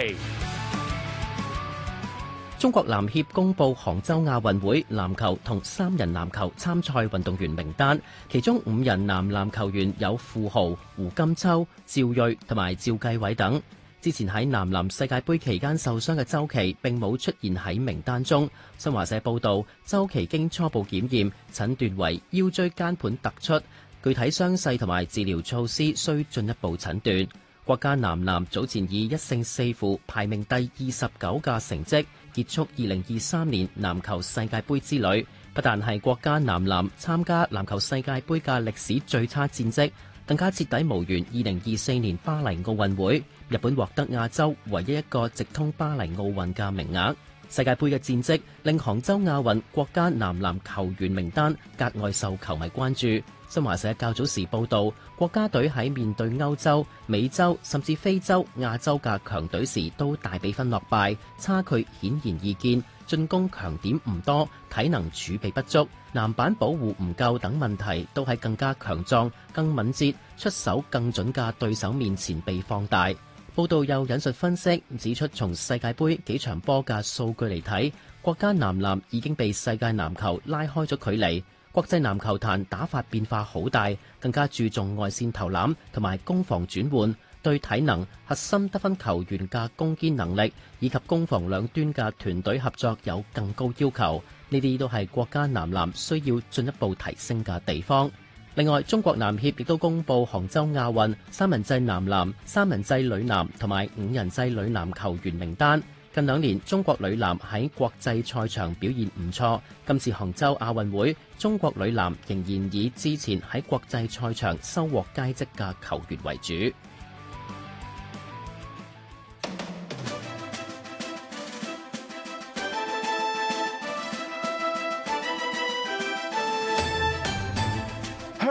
中國籃協公布杭州亞運會籃球同三人籃球參賽運動員名單，其中五人男籃球員有傅豪、胡金秋、趙睿同埋趙繼偉等。之前喺男籃世界盃期間受傷嘅周琦，並冇出現喺名單中。新華社報道，周琦經初步檢驗，診斷為腰椎間盤突出，具體傷勢同埋治療措施需進一步診斷。國家男籃早前以一勝四負，排名第二十九嘅成績，結束二零二三年籃球世界盃之旅，不但係國家男籃參加籃球世界盃嘅歷史最差戰績。更加徹底無緣，二零二四年巴黎奧運會，日本獲得亞洲唯一一個直通巴黎奧運嘅名額。世界盃嘅戰績令杭州亞運國家男籃球員名單格外受球迷關注。新華社較早時報導，國家隊喺面對歐洲、美洲甚至非洲、亞洲嘅強隊時都大比分落敗，差距顯然易見。進攻強點唔多，體能儲備不足，籃板保護唔夠等問題，都喺更加強壯、更敏捷、出手更準嘅對手面前被放大。報道又引述分析指出，從世界盃幾場波嘅數據嚟睇，國家男籃已經被世界籃球拉開咗距離。國際籃球壇打法變化好大，更加注重外綫投籃同埋攻防轉換。對體能、核心得分球員嘅攻堅能力以及攻防兩端嘅團隊合作有更高要求，呢啲都係國家男籃需要進一步提升嘅地方。另外，中國籃協亦都公布杭州亞運三人制男籃、三人制女籃同埋五人制女籃球員名單。近兩年中國女籃喺國際賽場表現唔錯，今次杭州亞運會，中國女籃仍然以之前喺國際賽場收穫佳績嘅球員為主。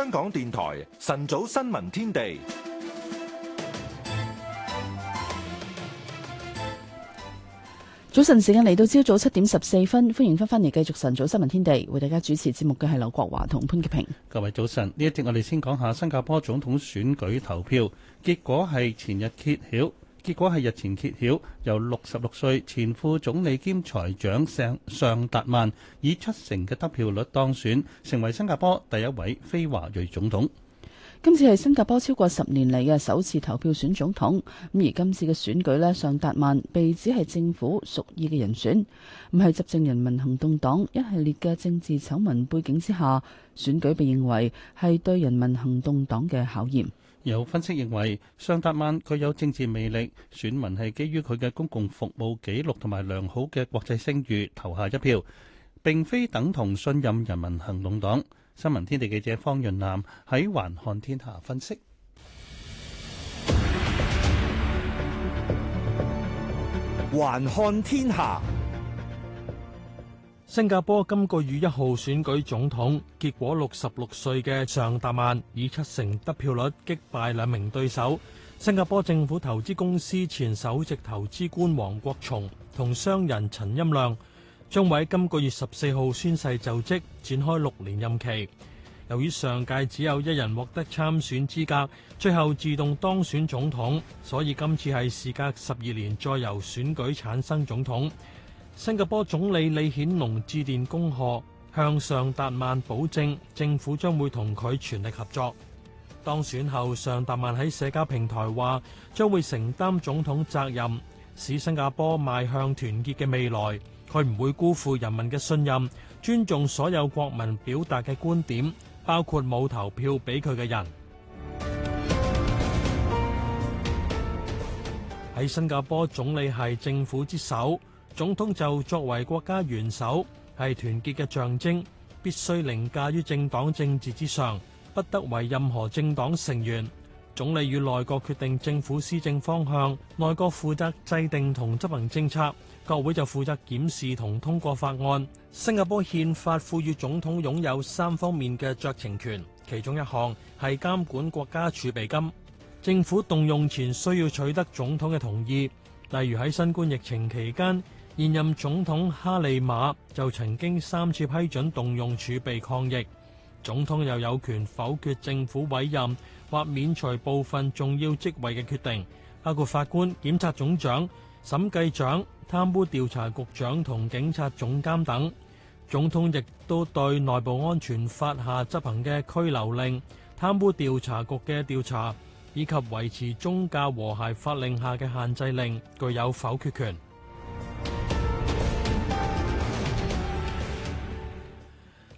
香港電台晨早新聞天地，早晨時間嚟到朝早七點十四分，歡迎翻返嚟繼續晨早新聞天地，為大家主持節目嘅係劉國華同潘潔平。各位早晨，呢一節我哋先講下新加坡總統選舉投票，結果係前日揭曉。結果係日前揭曉，由六十六歲前副總理兼財長尚尚達曼以七成嘅得票率當選，成為新加坡第一位非華裔總統。今次係新加坡超過十年嚟嘅，首次投票選總統。咁而今次嘅選舉咧，尚達曼被指係政府屬意嘅人選。咁喺執政人民行動黨一系列嘅政治醜聞背景之下，選舉被認為係對人民行動黨嘅考驗。有分析認為，尚達曼佢有政治魅力，選民係基於佢嘅公共服務記錄同埋良好嘅國際聲譽投下一票，並非等同信任人民行動黨。新聞天地記者方潤南喺環看天下分析。環看天下。新加坡今個月一號選舉總統，結果六十六歲嘅尚達曼以七成得票率擊敗兩名對手。新加坡政府投資公司前首席投資官黃國松同商人陳欽亮將喺今個月十四號宣誓就職，展開六年任期。由於上屆只有一人獲得參選資格，最後自動當選總統，所以今次係事隔十二年再由選舉產生總統。新加坡總理李顯龍致電恭賀，向尚達曼保證政府將會同佢全力合作。當選後，尚達曼喺社交平台話將會承擔總統責任，使新加坡邁向團結嘅未來。佢唔會辜負人民嘅信任，尊重所有國民表達嘅觀點，包括冇投票俾佢嘅人。喺新加坡，總理係政府之首。總統就作為國家元首，係團結嘅象徵，必須凌駕於政黨政治之上，不得為任何政黨成員。總理與內閣決定政府施政方向，內閣負責制定同執行政策，國會就負責檢視同通過法案。新加坡憲法賦予總統擁有三方面嘅酌情權，其中一項係監管國家儲備金，政府動用前需要取得總統嘅同意。例如喺新冠疫情期間，現任總統哈利馬就曾經三次批准動用儲備抗疫，總統又有權否決政府委任或免除部分重要職位嘅決定，包括法官、檢察總長、審計長、貪污調查局長同警察總監等。總統亦都對內部安全法下執行嘅拘留令、貪污調查局嘅調查以及維持宗教和諧法令下嘅限制令具有否決權。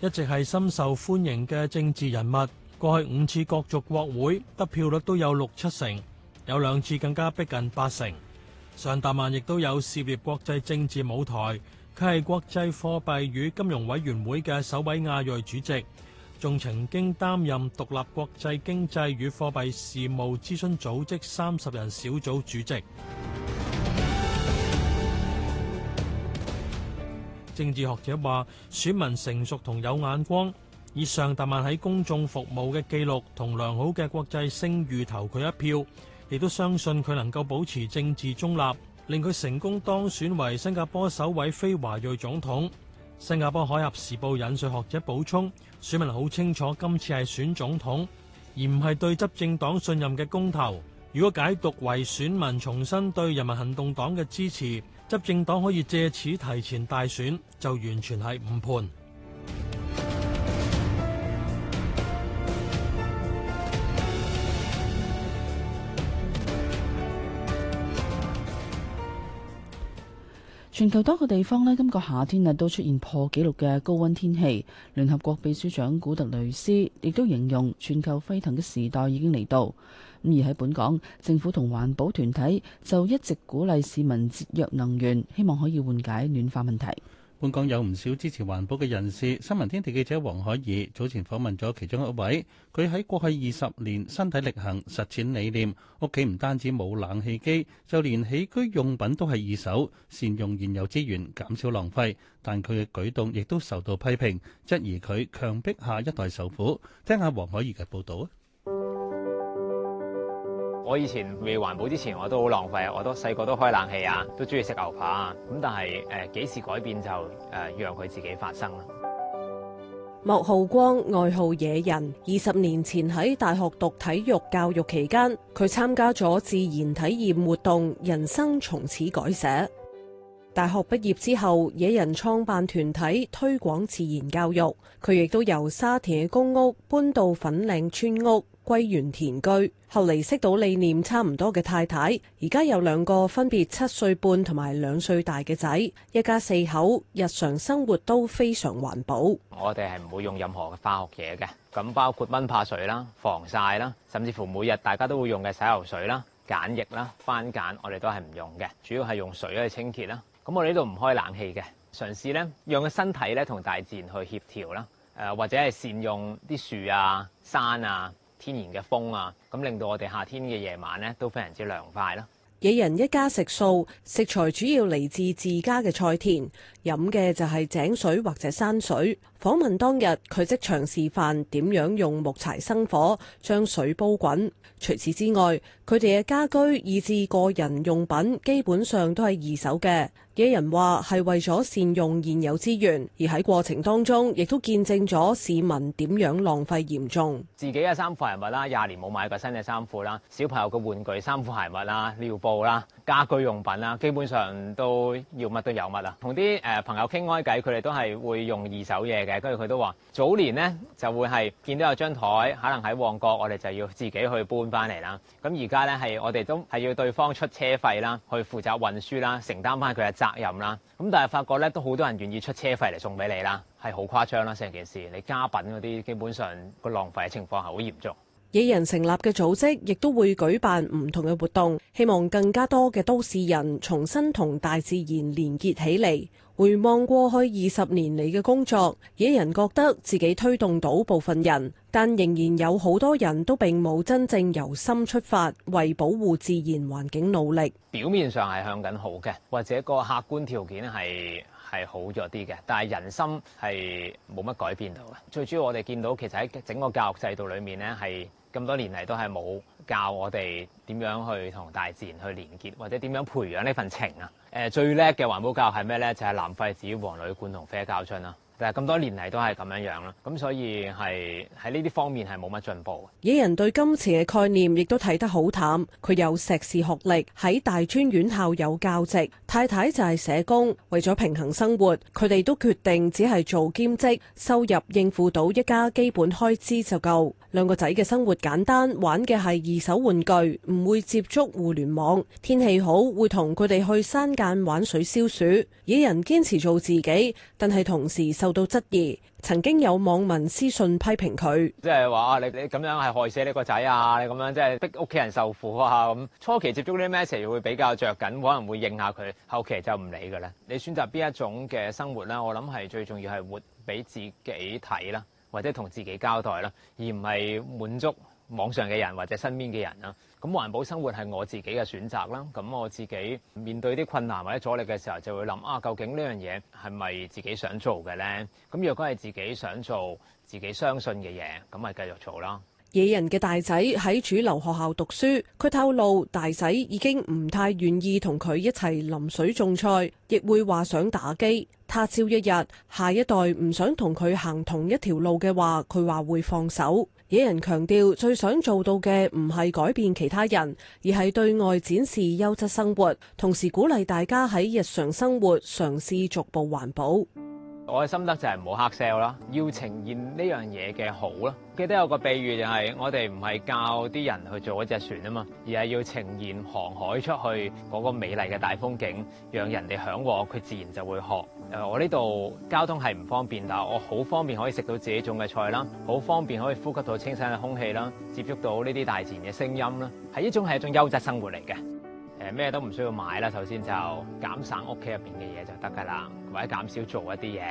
一直係深受歡迎嘅政治人物，過去五次角逐國會，得票率都有六七成，有兩次更加逼近八成。上達曼尚達曼亦都有涉獵國際政治舞台，佢係國際貨幣與金融委員會嘅首位亞裔主席，仲曾經擔任獨立國際經濟與貨幣事務諮詢組織三十人小組主席。政治學者話：選民成熟同有眼光，以尚達曼喺公眾服務嘅記錄同良好嘅國際聲譽投佢一票，亦都相信佢能夠保持政治中立，令佢成功當選為新加坡首位非華裔總統。新加坡《海峽時報》引述學者補充：選民好清楚今次係選總統，而唔係對執政黨信任嘅公投。如果解讀為選民重新對人民行動黨嘅支持，執政黨可以借此提前大選，就完全係誤判。全球多個地方咧，今個夏天啊都出現破紀錄嘅高温天氣。聯合國秘書長古特雷斯亦都形容，全球沸騰嘅時代已經嚟到。而喺本港，政府同環保團體就一直鼓勵市民節約能源，希望可以緩解暖化問題。本港有唔少支持環保嘅人士，新聞天地記者黃海怡早前訪問咗其中一位，佢喺過去二十年身體力行實踐理念，屋企唔單止冇冷氣機就連起居用品都係二手，善用現有資源，減少浪費，但佢嘅舉動亦都受到批評，質疑佢強迫下一代受苦。聽下黃海怡嘅報道。我以前未環保之前，我都好浪費啊！我都細個都開冷氣啊，都中意食牛扒啊。咁但係誒幾時改變就誒、呃、讓佢自己發生啦。莫浩光外號野人，二十年前喺大學讀體育教育期間，佢參加咗自然體驗活動，人生從此改寫。大學畢業之後，野人創辦團體推廣自然教育，佢亦都由沙田嘅公屋搬到粉嶺村屋。歸園田居，後嚟識到理念差唔多嘅太太，而家有兩個分別七歲半同埋兩歲大嘅仔，一家四口日常生活都非常環保。我哋係唔會用任何嘅化學嘢嘅，咁包括蚊怕水啦、防曬啦，甚至乎每日大家都會用嘅洗頭水啦、鹼液啦、番鹼，我哋都係唔用嘅，主要係用水去清潔啦。咁我哋呢度唔開冷氣嘅，嘗試呢讓個身體咧同大自然去協調啦，誒、呃、或者係善用啲樹啊、山啊。天然嘅風啊，咁令到我哋夏天嘅夜晚呢都非常之涼快咯。野人一家食素，食材主要嚟自自家嘅菜田，飲嘅就係井水或者山水。訪問當日，佢即場示範點樣用木柴生火將水煲滾。除此之外，佢哋嘅家居，以至個人用品基本上都係二手嘅。嘅人話係為咗善用現有資源，而喺過程當中，亦都見證咗市民點樣浪費嚴重。自己嘅衫褲鞋襪啦，廿年冇買過新嘅衫褲啦，小朋友嘅玩具、衫褲鞋襪啦、尿布啦、家居用品啦，基本上都要乜都有乜啊。同啲誒朋友傾開偈，佢哋都係會用二手嘢嘅。跟住佢都話，早年呢就會係見到有張枱，可能喺旺角，我哋就要自己去搬翻嚟啦。咁而家呢，係我哋都係要對方出車費啦，去負責運輸啦，承擔翻佢嘅責責任啦，咁但係發覺咧，都好多人願意出車費嚟送俾你啦，係好誇張啦、啊、成件事。你加品嗰啲，基本上個浪費嘅情況係好嚴重。野人成立嘅組織，亦都會舉辦唔同嘅活動，希望更加多嘅都市人重新同大自然連結起嚟。回望過去二十年嚟嘅工作，野人覺得自己推動到部分人，但仍然有好多人都並冇真正由心出發，為保護自然環境努力。表面上係向緊好嘅，或者個客觀條件係係好咗啲嘅，但係人心係冇乜改變到嘅。最主要我哋見到其實喺整個教育制度裏面呢，係咁多年嚟都係冇教我哋點樣去同大自然去連結，或者點樣培養呢份情啊。誒，最叻嘅環保膠係咩呢？就係藍廢紙、黃鋁罐同啡膠樽。就咁多年嚟都係咁樣樣啦，咁所以係喺呢啲方面係冇乜進步。野人對金錢嘅概念亦都睇得好淡，佢有碩士學歷，喺大專院校有教職，太太就係社工。為咗平衡生活，佢哋都決定只係做兼職，收入應付到一家基本開支就夠。兩個仔嘅生活簡單，玩嘅係二手玩具，唔會接觸互聯網。天氣好會同佢哋去山間玩水消暑。野人堅持做自己，但係同時受。受到質疑，曾經有網民私信批評佢，即係話：你你咁樣係害死你個仔啊！你咁樣即係逼屋企人受苦啊！咁初期接觸呢啲 message 會比較着緊，可能會應下佢，後期就唔理㗎喇。你選擇邊一種嘅生活咧？我諗係最重要係活俾自己睇啦，或者同自己交代啦，而唔係滿足網上嘅人或者身邊嘅人啦。咁環保生活係我自己嘅選擇啦。咁我自己面對啲困難或者阻力嘅時候，就會諗啊，究竟呢樣嘢係咪自己想做嘅呢？咁若果係自己想做、自己相信嘅嘢，咁咪繼續做囉。野人嘅大仔喺主流學校讀書，佢透露大仔已經唔太願意同佢一齊淋水種菜，亦會話想打機。他朝一日，下一代唔想同佢行同一條路嘅話，佢話會放手。野人強調，最想做到嘅唔係改變其他人，而係對外展示優質生活，同時鼓勵大家喺日常生活嘗試逐步環保。我嘅心得就係唔好黑 sell 啦，要呈現呢樣嘢嘅好啦。記得有個比喻就係，我哋唔係教啲人去做一隻船啊嘛，而係要呈現航海出去嗰個美麗嘅大風景，讓人哋向往，佢自然就會學。誒，我呢度交通係唔方便，但係我好方便可以食到自己種嘅菜啦，好方便可以呼吸到清新嘅空氣啦，接觸到呢啲大自然嘅聲音啦，係一種係一種優質生活嚟嘅。咩都唔需要買啦，首先就減省屋企入邊嘅嘢就得噶啦，或者減少做一啲嘢，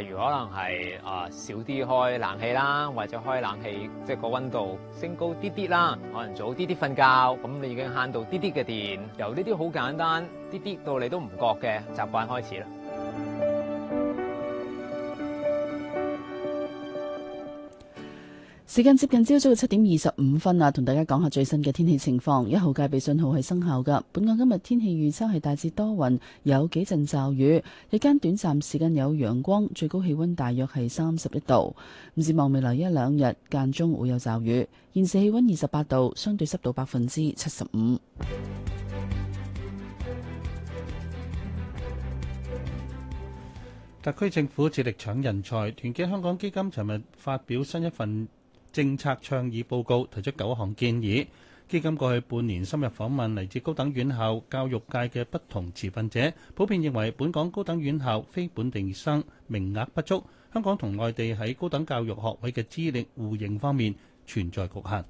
例如可能係啊、呃、少啲開冷氣啦，或者開冷氣即係個溫度升高啲啲啦，可能早啲啲瞓覺，咁你已經慳到啲啲嘅電，由呢啲好簡單啲啲到你都唔覺嘅習慣開始啦。時間接近朝早嘅七點二十五分啦，同大家講下最新嘅天氣情況。一號戒備信號係生效噶。本港今日天氣預測係大致多雲，有幾陣驟雨。日間短暫時間有陽光，最高氣溫大約係三十一度。唔指望未來一兩日間中會有驟雨。現時氣溫二十八度，相對濕度百分之七十五。特區政府致力搶人才，團結香港基金尋日發表新一份。政策倡議報告提出九項建議。基金過去半年深入訪問嚟自高等院校教育界嘅不同持份者，普遍認為本港高等院校非本地生名額不足，香港同內地喺高等教育學位嘅資歷互認方面存在局限。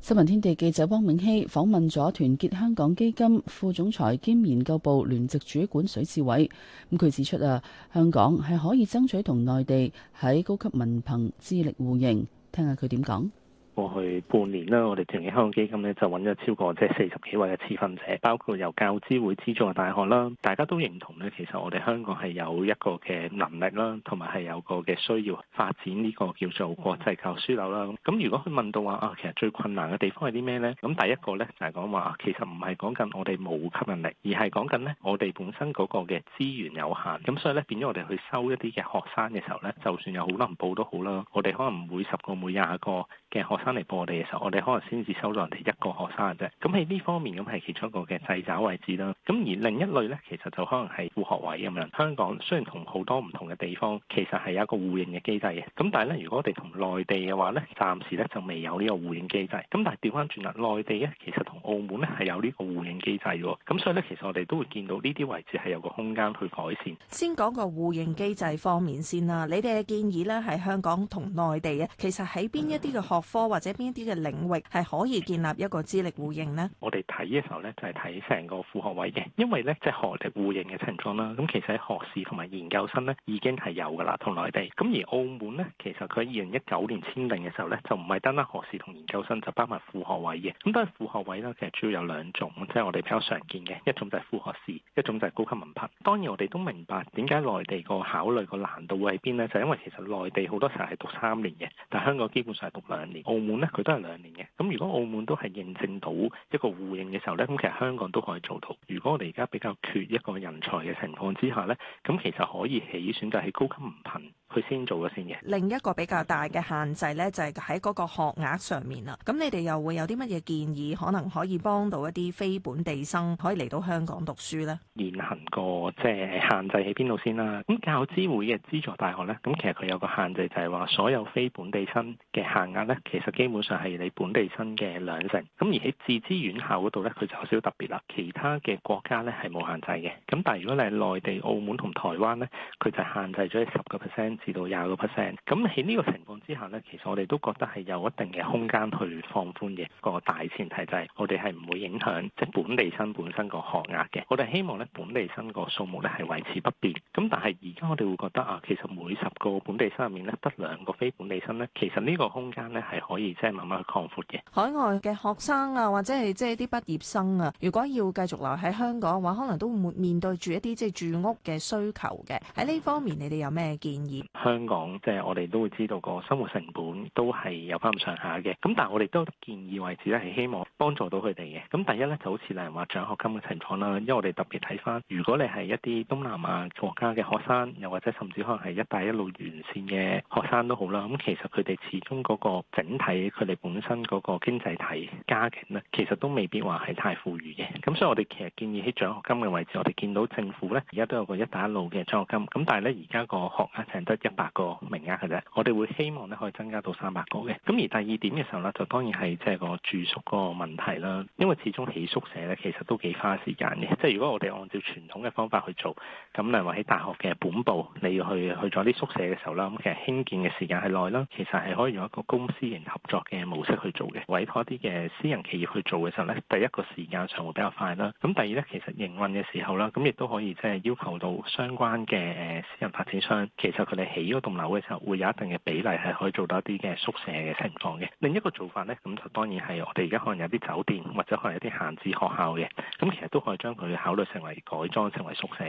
新聞天地記者汪明希訪問咗團結香港基金副總裁兼研究部聯席主管水志偉，咁佢指出啊，香港係可以爭取同內地喺高級文憑資歷互認。聽下佢點講。過去半年啦，我哋團結香港基金咧就揾咗超過即係四十幾位嘅持份者，包括由教資會資助嘅大學啦。大家都認同咧，其實我哋香港係有一個嘅能力啦，同埋係有個嘅需要發展呢個叫做國際教書樓啦。咁如果佢問到話啊，其實最困難嘅地方係啲咩呢？咁第一個呢，就係講話，其實唔係講緊我哋冇吸引力，而係講緊呢，我哋本身嗰個嘅資源有限。咁所以咧變咗我哋去收一啲嘅學生嘅時候呢，就算有好多人報都好啦，我哋可能每十個每廿個嘅學。翻嚟播我哋嘅時候，我哋可能先至收到人哋一個學生嘅啫。咁喺呢方面咁係其中一個嘅掣肘位置啦。咁而另一類咧，其實就可能係副學位咁樣。香港雖然同好多唔同嘅地方其實係有一個互認嘅機制嘅。咁但係咧，如果我哋同內地嘅話咧，暫時咧就未有呢個互認機制。咁但係調翻轉啦，內地咧其實同澳門咧係有呢個互認機制喎。咁所以咧，其實我哋都會見到呢啲位置係有個空間去改善。先講個互認機制方面先啦。你哋嘅建議咧，喺香港同內地咧，其實喺邊一啲嘅學科？或者邊一啲嘅領域係可以建立一個資歷互認呢？我哋睇嘅時候咧，就係睇成個副學位嘅，因為咧即係學歷互認嘅情況啦。咁其實喺學士同埋研究生咧已經係有噶啦，同內地。咁而澳門咧，其實佢二零一九年簽訂嘅時候咧，就唔係單單學士同研究生，就包埋副學位嘅。咁但係副學位咧，其實主要有兩種，即係我哋比較常見嘅一種就係副學士，一種就係高級文憑。當然我哋都明白點解內地個考慮個難度會喺邊咧？就因為其實內地好多時候係讀三年嘅，但香港基本上係讀兩年。澳門咧，佢都係兩年嘅。咁如果澳門都係認證到一個互認嘅時候咧，咁其實香港都可以做到。如果我哋而家比較缺一個人才嘅情況之下咧，咁其實可以起選擇喺高級文憑。佢先做咗先嘅。另一個比較大嘅限制呢，就係喺嗰個學額上面啦。咁你哋又會有啲乜嘢建議，可能可以幫到一啲非本地生可以嚟到香港讀書呢？現行個即係限制喺邊度先啦，啊？咁教資會嘅資助大學呢，咁其實佢有個限制就，就係話所有非本地生嘅限額呢，其實基本上係你本地生嘅兩成。咁而喺自資院校嗰度呢，佢就有少少特別啦。其他嘅國家呢，係冇限制嘅。咁但係如果你係內地、澳門同台灣呢，佢就限制咗喺十個 percent。至到廿個 percent，咁喺呢個情況之下咧，其實我哋都覺得係有一定嘅空間去放寬嘅。個大前提就係我哋係唔會影響即係本地生本身個學額嘅。我哋希望咧本地生個數目咧係維持不變。咁但係而家我哋會覺得啊，其實每十個本地生入面咧得兩個非本地生咧，其實呢個空間咧係可以即係慢慢去擴闊嘅。海外嘅學生啊，或者係即係啲畢業生啊，如果要繼續留喺香港嘅話，可能都會面對住一啲即係住屋嘅需求嘅。喺呢方面，你哋有咩建議？香港即係、就是，我哋都會知道個生活成本都係有翻咁上下嘅，咁但係我哋都建議位置咧係希望幫助到佢哋嘅。咁第一咧就好似例如話獎學金嘅情況啦，因為我哋特別睇翻，如果你係一啲東南亞國家嘅學生，又或者甚至可能係一帶一路沿綫嘅學生都好啦，咁其實，佢哋始終嗰個整體，佢哋本身嗰個經濟體家境咧，其實都未必話係太富裕嘅。咁所以我哋其實建議喺獎學金嘅位置，我哋見到政府咧而家都有一個一帶一路嘅獎學金，咁但係咧而家個學額係得。一百個名額嘅啫，我哋會希望咧可以增加到三百個嘅。咁而第二點嘅時候咧，就當然係即係個住宿嗰個問題啦。因為始終起宿舍咧，其實都幾花時間嘅。即係如果我哋按照傳統嘅方法去做，咁例如話喺大學嘅本部你要去去咗啲宿舍嘅時候啦，咁其實興建嘅時間係耐啦。其實係可以用一個公私營合作嘅模式去做嘅，委託一啲嘅私人企業去做嘅時候咧，第一個時間上會比較快啦。咁第二咧，其實營運嘅時候啦，咁亦都可以即係要求到相關嘅誒私人發展商，其實佢哋。起嗰棟樓嘅時候，會有一定嘅比例係可以做到一啲嘅宿舍嘅情況嘅。另一個做法呢，咁就當然係我哋而家可能有啲酒店，或者可能有啲閒置學校嘅，咁其實都可以將佢考慮成為改裝成為宿舍。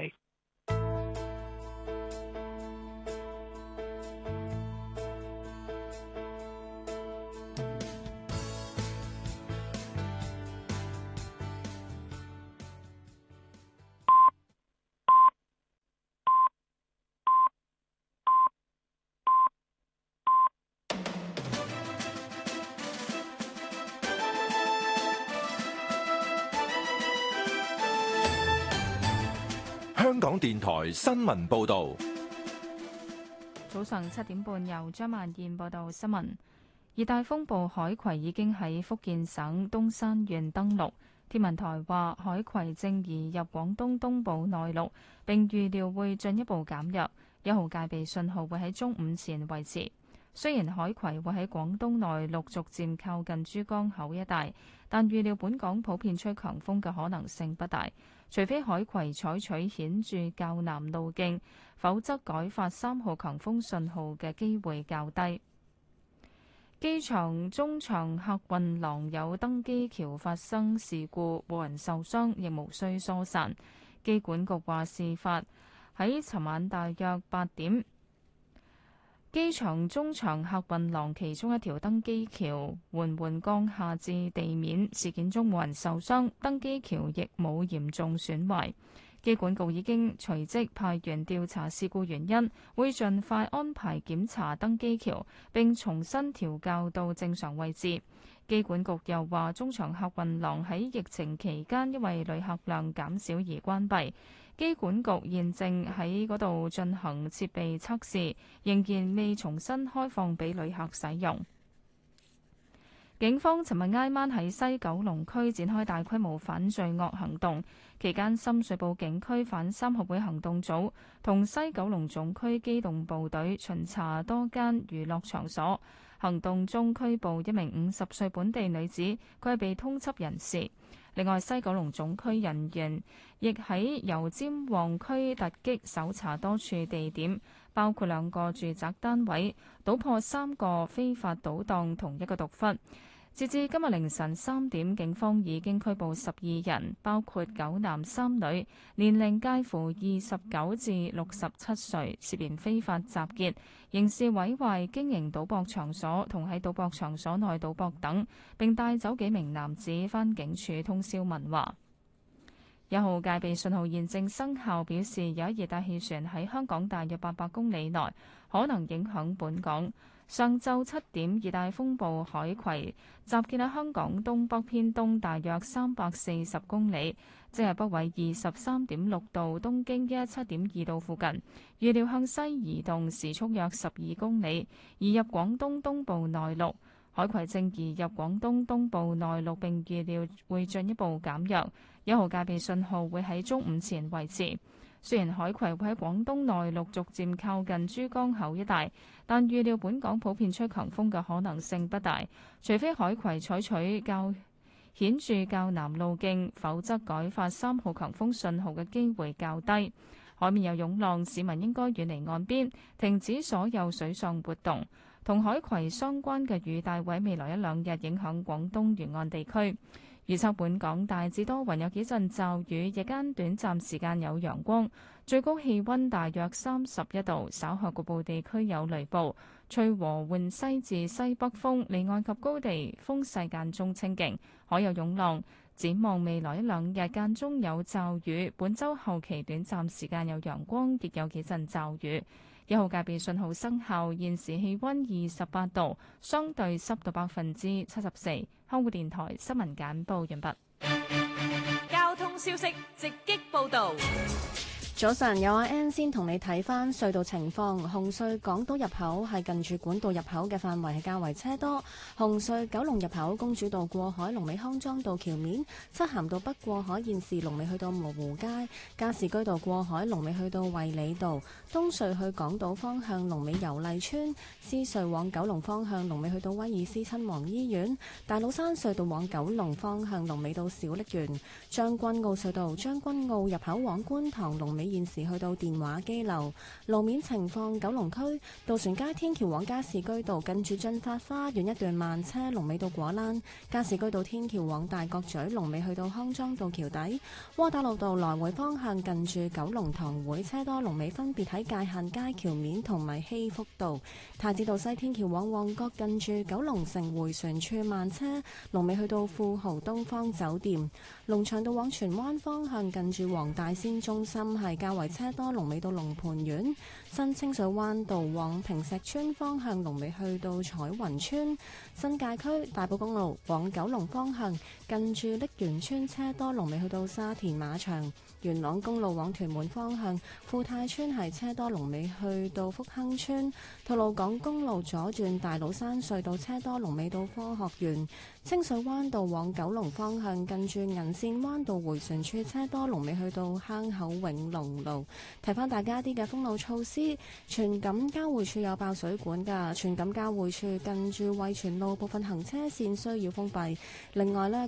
台新聞報導，早上七點半由張萬燕報道新聞。熱帶風暴海葵已經喺福建省東山縣登陸，天文台話海葵正移入廣東東部內陸，並預料會進一步減弱，一號戒備信號會喺中午前維持。雖然海葵會喺廣東內陸逐漸靠近珠江口一帶，但預料本港普遍吹強風嘅可能性不大，除非海葵採取顯著較南路徑，否則改發三號強風信號嘅機會較低。機場中場客運廊有登機橋發生事故，冇人受傷，亦無需疏散。機管局話：事發喺尋晚大約八點。機場中場客運廊其中一條登機橋緩緩降下至地面，事件中冇人受傷，登機橋亦冇嚴重損壞。機管局已經隨即派員調查事故原因，會盡快安排檢查登機橋並重新調校到正常位置。機管局又話，中場客運廊喺疫情期間因為旅客量減少而關閉。機管局現正喺嗰度進行設備測試，仍然未重新開放俾旅客使用。警方尋日挨晚喺西九龍區展開大規模反罪惡行動，期間深水埗警區反三合會行動組同西九龍總區機動部隊巡查多間娛樂場所，行動中拘捕一名五十歲本地女子，佢係被通緝人士。另外，西九龍總區人員亦喺油尖旺區突擊搜查多處地點，包括兩個住宅單位，搗破三個非法賭檔，同一個毒窟。截至今日凌晨三點，警方已經拘捕十二人，包括九男三女，年齡介乎二十九至六十七歲，涉嫌非法集結、刑事毀壞、經營賭博場所同喺賭博場所內賭博等，並帶走幾名男子翻警署通宵問話。一號戒備信號現正生效，表示有一熱帶氣旋喺香港大約八百公里內，可能影響本港。上晝七點，熱帶風暴海葵集結喺香港東北偏東大約三百四十公里，即係北緯二十三點六度、東經一一七點二度附近。預料向西移動，時速約十二公里，移入廣東東部內陸。海葵正移入廣東東部內陸，並預料會進一步減弱。一號戒備信號會喺中午前維持。雖然海葵會喺廣東內陸逐漸靠近珠江口一帶，但預料本港普遍吹強風嘅可能性不大，除非海葵採取較顯著較南路徑，否則改發三號強風信號嘅機會較低。海面有湧浪，市民應該遠離岸邊，停止所有水上活動。同海葵相關嘅雨帶喺未來一兩日影響廣東沿岸地區。預測本港大致多雲，有幾陣驟雨，日間短暫時間有陽光，最高氣温大約三十一度，稍後局部地區有雷暴。吹和緩西至西北風，離岸及高地風勢間中清勁，海有湧浪。展望未來一兩日間中有驟雨，本周後期短暫時間有陽光，亦有幾陣驟雨。一號戒備信號生效，現時氣溫二十八度，相對濕度百分之七十四。香港電台新聞簡報完畢。交通消息直擊報道。早晨，有阿 Ann 先同你睇翻隧道情況。紅隧港島入口係近住管道入口嘅範圍係較為車多。紅隧九龍入口公主道過海、龍尾康莊道橋面、漆鹹道北過海現時龍尾去到蕪湖街、加士居道過海龍尾去到衛理道。東隧去港島方向龍尾油麗邨，獅隧往九龍方向龍尾去到威爾斯親王醫院。大老山隧道往九龍方向龍尾到小瀝源。將軍澳隧道將軍澳入口往觀塘龍尾。現時去到電話機樓路面情況，九龍區渡船街天橋往加士居道近住駿發花園一段慢車，龍尾到果欄；加士居道天橋往大角咀龍尾去到康莊道橋底；窩打老道來回方向近住九龍塘會車多，龍尾分別喺界限街橋面同埋禧福道；太子道西天橋往旺角近住九龍城回旋處慢車，龍尾去到富豪東方酒店；龍翔道往荃灣方向近住黃大仙中心係。較為車多，龍尾到龍盤苑、新清水灣道往坪石村方向，龍尾去到彩雲村新界區大埔公路往九龍方向。近住瀝源村車多，龍尾去到沙田馬場；元朗公路往屯門方向，富泰村係車多，龍尾去到福亨村；吐露港公路左轉大老山隧道車多，龍尾到科學園；清水灣道往九龍方向，近住銀線灣道回旋處車多，龍尾去到坑口永隆路。提翻大家一啲嘅封路措施，荃錦交匯處有爆水管噶，荃錦交匯處近住惠荃路部分行車線需要封閉。另外呢。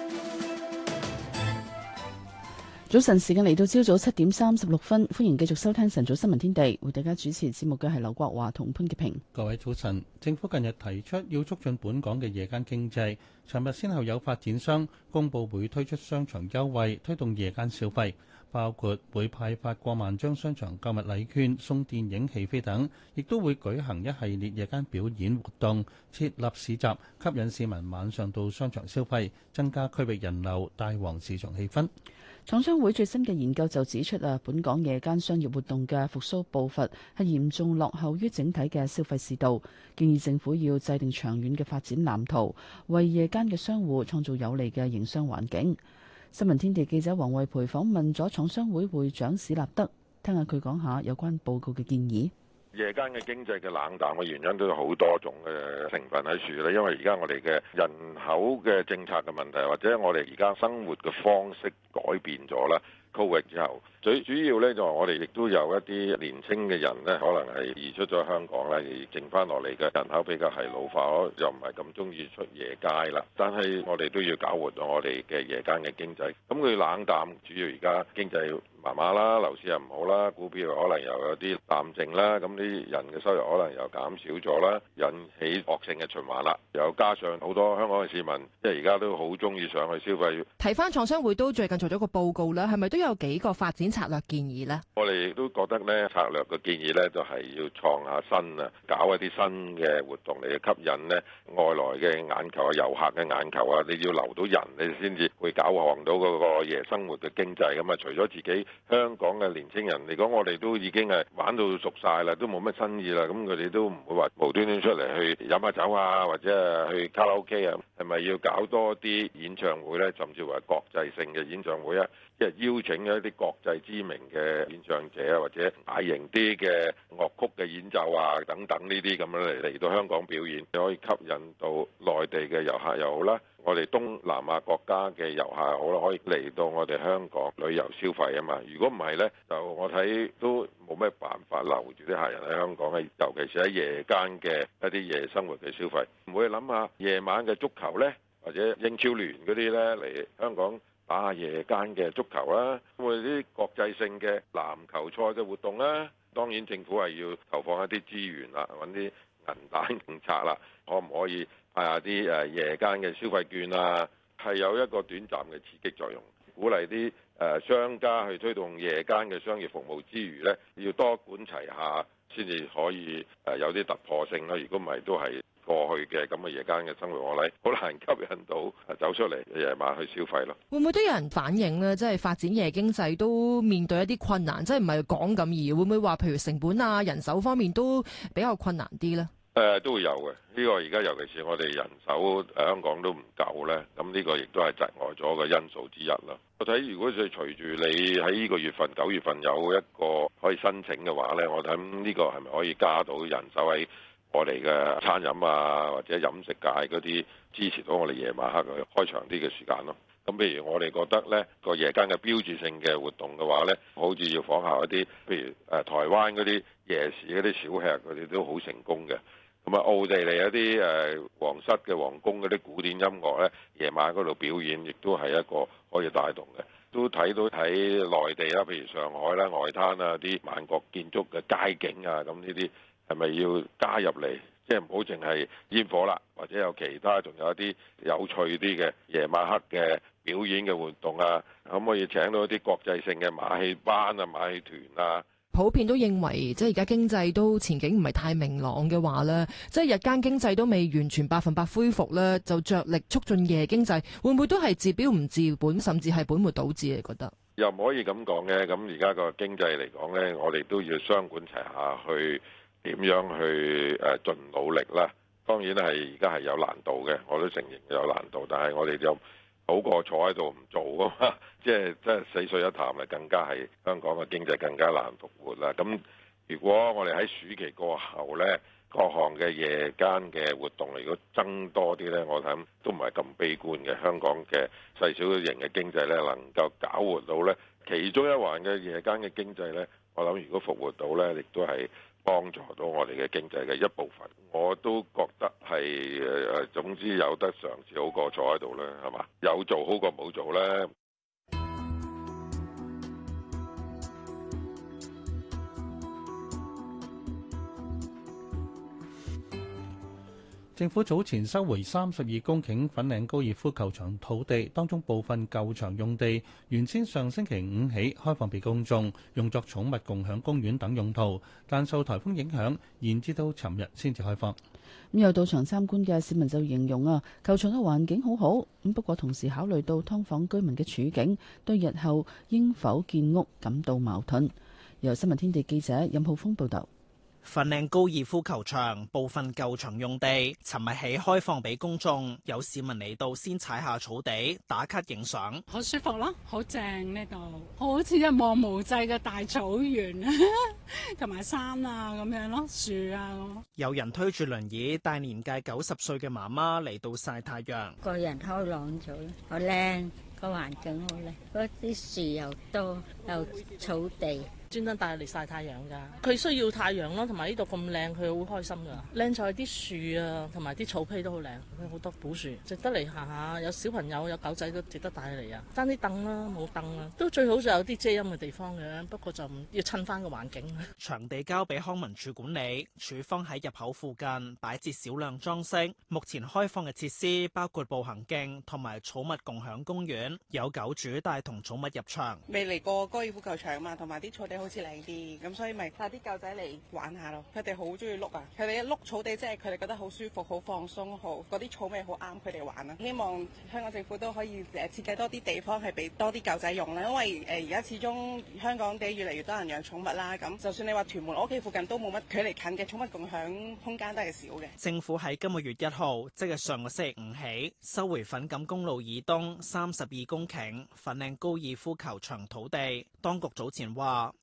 早晨，時間嚟到朝早七點三十六分，歡迎繼續收聽晨早新聞天地。為大家主持節目嘅係劉國華同潘潔平。各位早晨，政府近日提出要促進本港嘅夜間經濟。尋日先後有發展商公布會推出商場優惠，推動夜間消費，包括會派發過萬張商場購物禮券、送電影戲飛等，亦都會舉行一系列夜間表演活動，設立市集，吸引市民晚上到商場消費，增加區域人流，帶旺市場氣氛。廠商會最新嘅研究就指出啊，本港夜間商業活動嘅復蘇步伐係嚴重落後於整體嘅消費市道，建議政府要制定長遠嘅發展藍圖，為夜間嘅商戶創造有利嘅營商環境。新聞天地記者黃慧培訪問咗廠商會會長史立德，聽下佢講下有關報告嘅建議。夜間嘅經濟嘅冷淡嘅原因都有好多種嘅成分喺處啦，因為而家我哋嘅人口嘅政策嘅問題，或者我哋而家生活嘅方式改變咗啦，COVID 之後，最主要咧就係我哋亦都有一啲年輕嘅人咧，可能係移出咗香港啦，而剩翻落嚟嘅人口比較係老化，又唔係咁中意出夜街啦。但係我哋都要搞活咗我哋嘅夜間嘅經濟，咁佢冷淡主要而家經濟。麻麻啦，樓市又唔好啦，股票可能又有啲淡靜啦，咁啲人嘅收入可能又減少咗啦，引起惡性嘅循環啦。又加上好多香港嘅市民，即係而家都好中意上去消費，睇翻廠商會都最近做咗個報告啦，係咪都有幾個發展策略建議咧？我哋都覺得咧，策略嘅建議咧，就係要創下新啊，搞一啲新嘅活動嚟吸引咧外來嘅眼球啊、遊客嘅眼球啊，你要留到人，你先至會搞行到嗰個夜生活嘅經濟，咁啊，除咗自己香港嘅年青人嚟講，我哋都已經係玩到熟晒啦，都冇乜新意啦。咁佢哋都唔會話無端端出嚟去飲下酒啊，或者啊去卡拉 OK 啊，係咪要搞多啲演唱會呢？甚至話國際性嘅演唱會啊？即係邀請一啲國際知名嘅演唱者啊，或者大型啲嘅樂曲嘅演奏啊，等等呢啲咁樣嚟嚟到香港表演，可以吸引到內地嘅遊客又好啦，我哋東南亞國家嘅遊客又好啦，可以嚟到我哋香港旅遊消費啊嘛。如果唔係呢，就我睇都冇咩辦法留住啲客人喺香港嘅，尤其是喺夜間嘅一啲夜生活嘅消費。唔會諗下夜晚嘅足球呢，或者英超聯嗰啲呢嚟香港。打下夜間嘅足球啦、啊，咁啊啲國際性嘅籃球賽嘅活動啦、啊，當然政府係要投放一啲資源啦、啊，揾啲銀彈政策啦，可唔可以派下啲誒夜間嘅消費券啊？係有一個短暫嘅刺激作用，鼓勵啲誒商家去推動夜間嘅商業服務之餘呢，要多管齊下先至可以誒有啲突破性啦、啊。如果唔係都係。過去嘅咁嘅夜間嘅生活壓力，好難吸引到走出嚟夜晚去消費咯。會唔會都有人反映咧？即係發展夜經濟都面對一啲困難，即係唔係講咁易？會唔會話譬如成本啊、人手方面都比較困難啲咧？誒、呃，都會有嘅。呢、這個而家尤其是我哋人手喺香港都唔夠咧。咁、這、呢個亦都係窒礙咗嘅因素之一啦。我睇如果係隨住你喺呢個月份九月份有一個可以申請嘅話咧，我睇呢個係咪可以加到人手喺？我哋嘅餐飲啊，或者飲食界嗰啲支持到我哋夜晚黑嘅開場啲嘅時間咯、啊。咁譬如我哋覺得呢個夜間嘅標誌性嘅活動嘅話呢，好似要仿效一啲，譬如誒、啊、台灣嗰啲夜市嗰啲小吃，佢哋都好成功嘅。咁、嗯、啊，奧地利一啲誒皇室嘅皇宮嗰啲古典音樂呢，夜晚嗰度表演，亦都係一個可以帶動嘅。都睇到睇內地啦，譬如上海啦、外灘啊、啲萬國建築嘅街景啊，咁呢啲。係咪要加入嚟？即係唔好淨係煙火啦，或者有其他，仲有一啲有趣啲嘅夜晚黑嘅表演嘅活動啊！可唔可以請到一啲國際性嘅馬戲班啊、馬戲團啊？普遍都認為，即係而家經濟都前景唔係太明朗嘅話咧，即係日間經濟都未完全百分百恢復咧，就着力促進夜經濟，會唔會都係治標唔治本，甚至係本末倒置？你覺得？又唔可以咁講嘅。咁而家個經濟嚟講咧，我哋都要雙管齊下去。點樣去誒盡努力啦？當然係而家係有難度嘅，我都承認有難度。但係我哋就好過坐喺度唔做啊嘛！即係即係死水一潭，咪更加係香港嘅經濟更加難復活啦。咁如果我哋喺暑期過後咧，各項嘅夜間嘅活動，如果增多啲咧，我諗都唔係咁悲觀嘅。香港嘅細小型嘅經濟咧，能夠搞活到咧，其中一環嘅夜間嘅經濟咧，我諗如果復活到咧，亦都係。幫助到我哋嘅經濟嘅一部分，我都覺得係誒，總之有得嘗試好過坐喺度咧，係嘛？有做好過冇做咧？政府早前收回三十二公頃粉嶺高爾夫球場土地，當中部分舊場用地原先上星期五起開放俾公眾，用作寵物共享公園等用途，但受台風影響延至到尋日先至開放。咁有到場參觀嘅市民就形容啊，球場嘅環境好好，咁不過同時考慮到劏房居民嘅處境，對日後應否建屋感到矛盾。由新聞天地記者任浩峰報道。份嶺高爾夫球場部分舊場用地尋日起開放俾公眾，有市民嚟到先踩下草地打卡影相，好舒服咯，好正呢度，好似一望無際嘅大草原同埋 <laughs> 山啊咁樣咯，啊，樹啊。有人推住輪椅帶年屆九十歲嘅媽媽嚟到晒太陽，個人開朗咗，好靚，個環境好靚，嗰啲樹又多又草地。專登帶嚟晒太陽噶，佢需要太陽咯，同埋呢度咁靚，佢好開心噶。靚在啲樹啊，同埋啲草皮都好靚，佢好多古樹，值得嚟行下。有小朋友，有狗仔都值得帶嚟啊。攞啲凳啦，冇凳啦，都最好就有啲遮陰嘅地方嘅。不過就要襯翻個環境。場地交俾康文署管理，處方喺入口附近擺設少量裝飾。目前開放嘅設施包括步行徑同埋寵物共享公園，有狗主帶同寵物入場。未嚟過高爾夫球場嘛，同埋啲草地。好似靚啲，咁所以咪帶啲狗仔嚟玩下咯。佢哋好中意碌啊！佢哋一碌草地，即係佢哋覺得好舒服、好放鬆、好嗰啲草味好啱佢哋玩啊！希望香港政府都可以誒設計多啲地方係俾多啲狗仔用啦。因為誒而家始終香港地越嚟越多人養寵物啦，咁就算你話屯門屋企附近都冇乜距離近嘅寵物共享空間都係少嘅。政府喺今個月一號，即係上個星期五起，收回粉錦公路以東三十二公頃粉嶺高爾夫球場土地。當局早前話，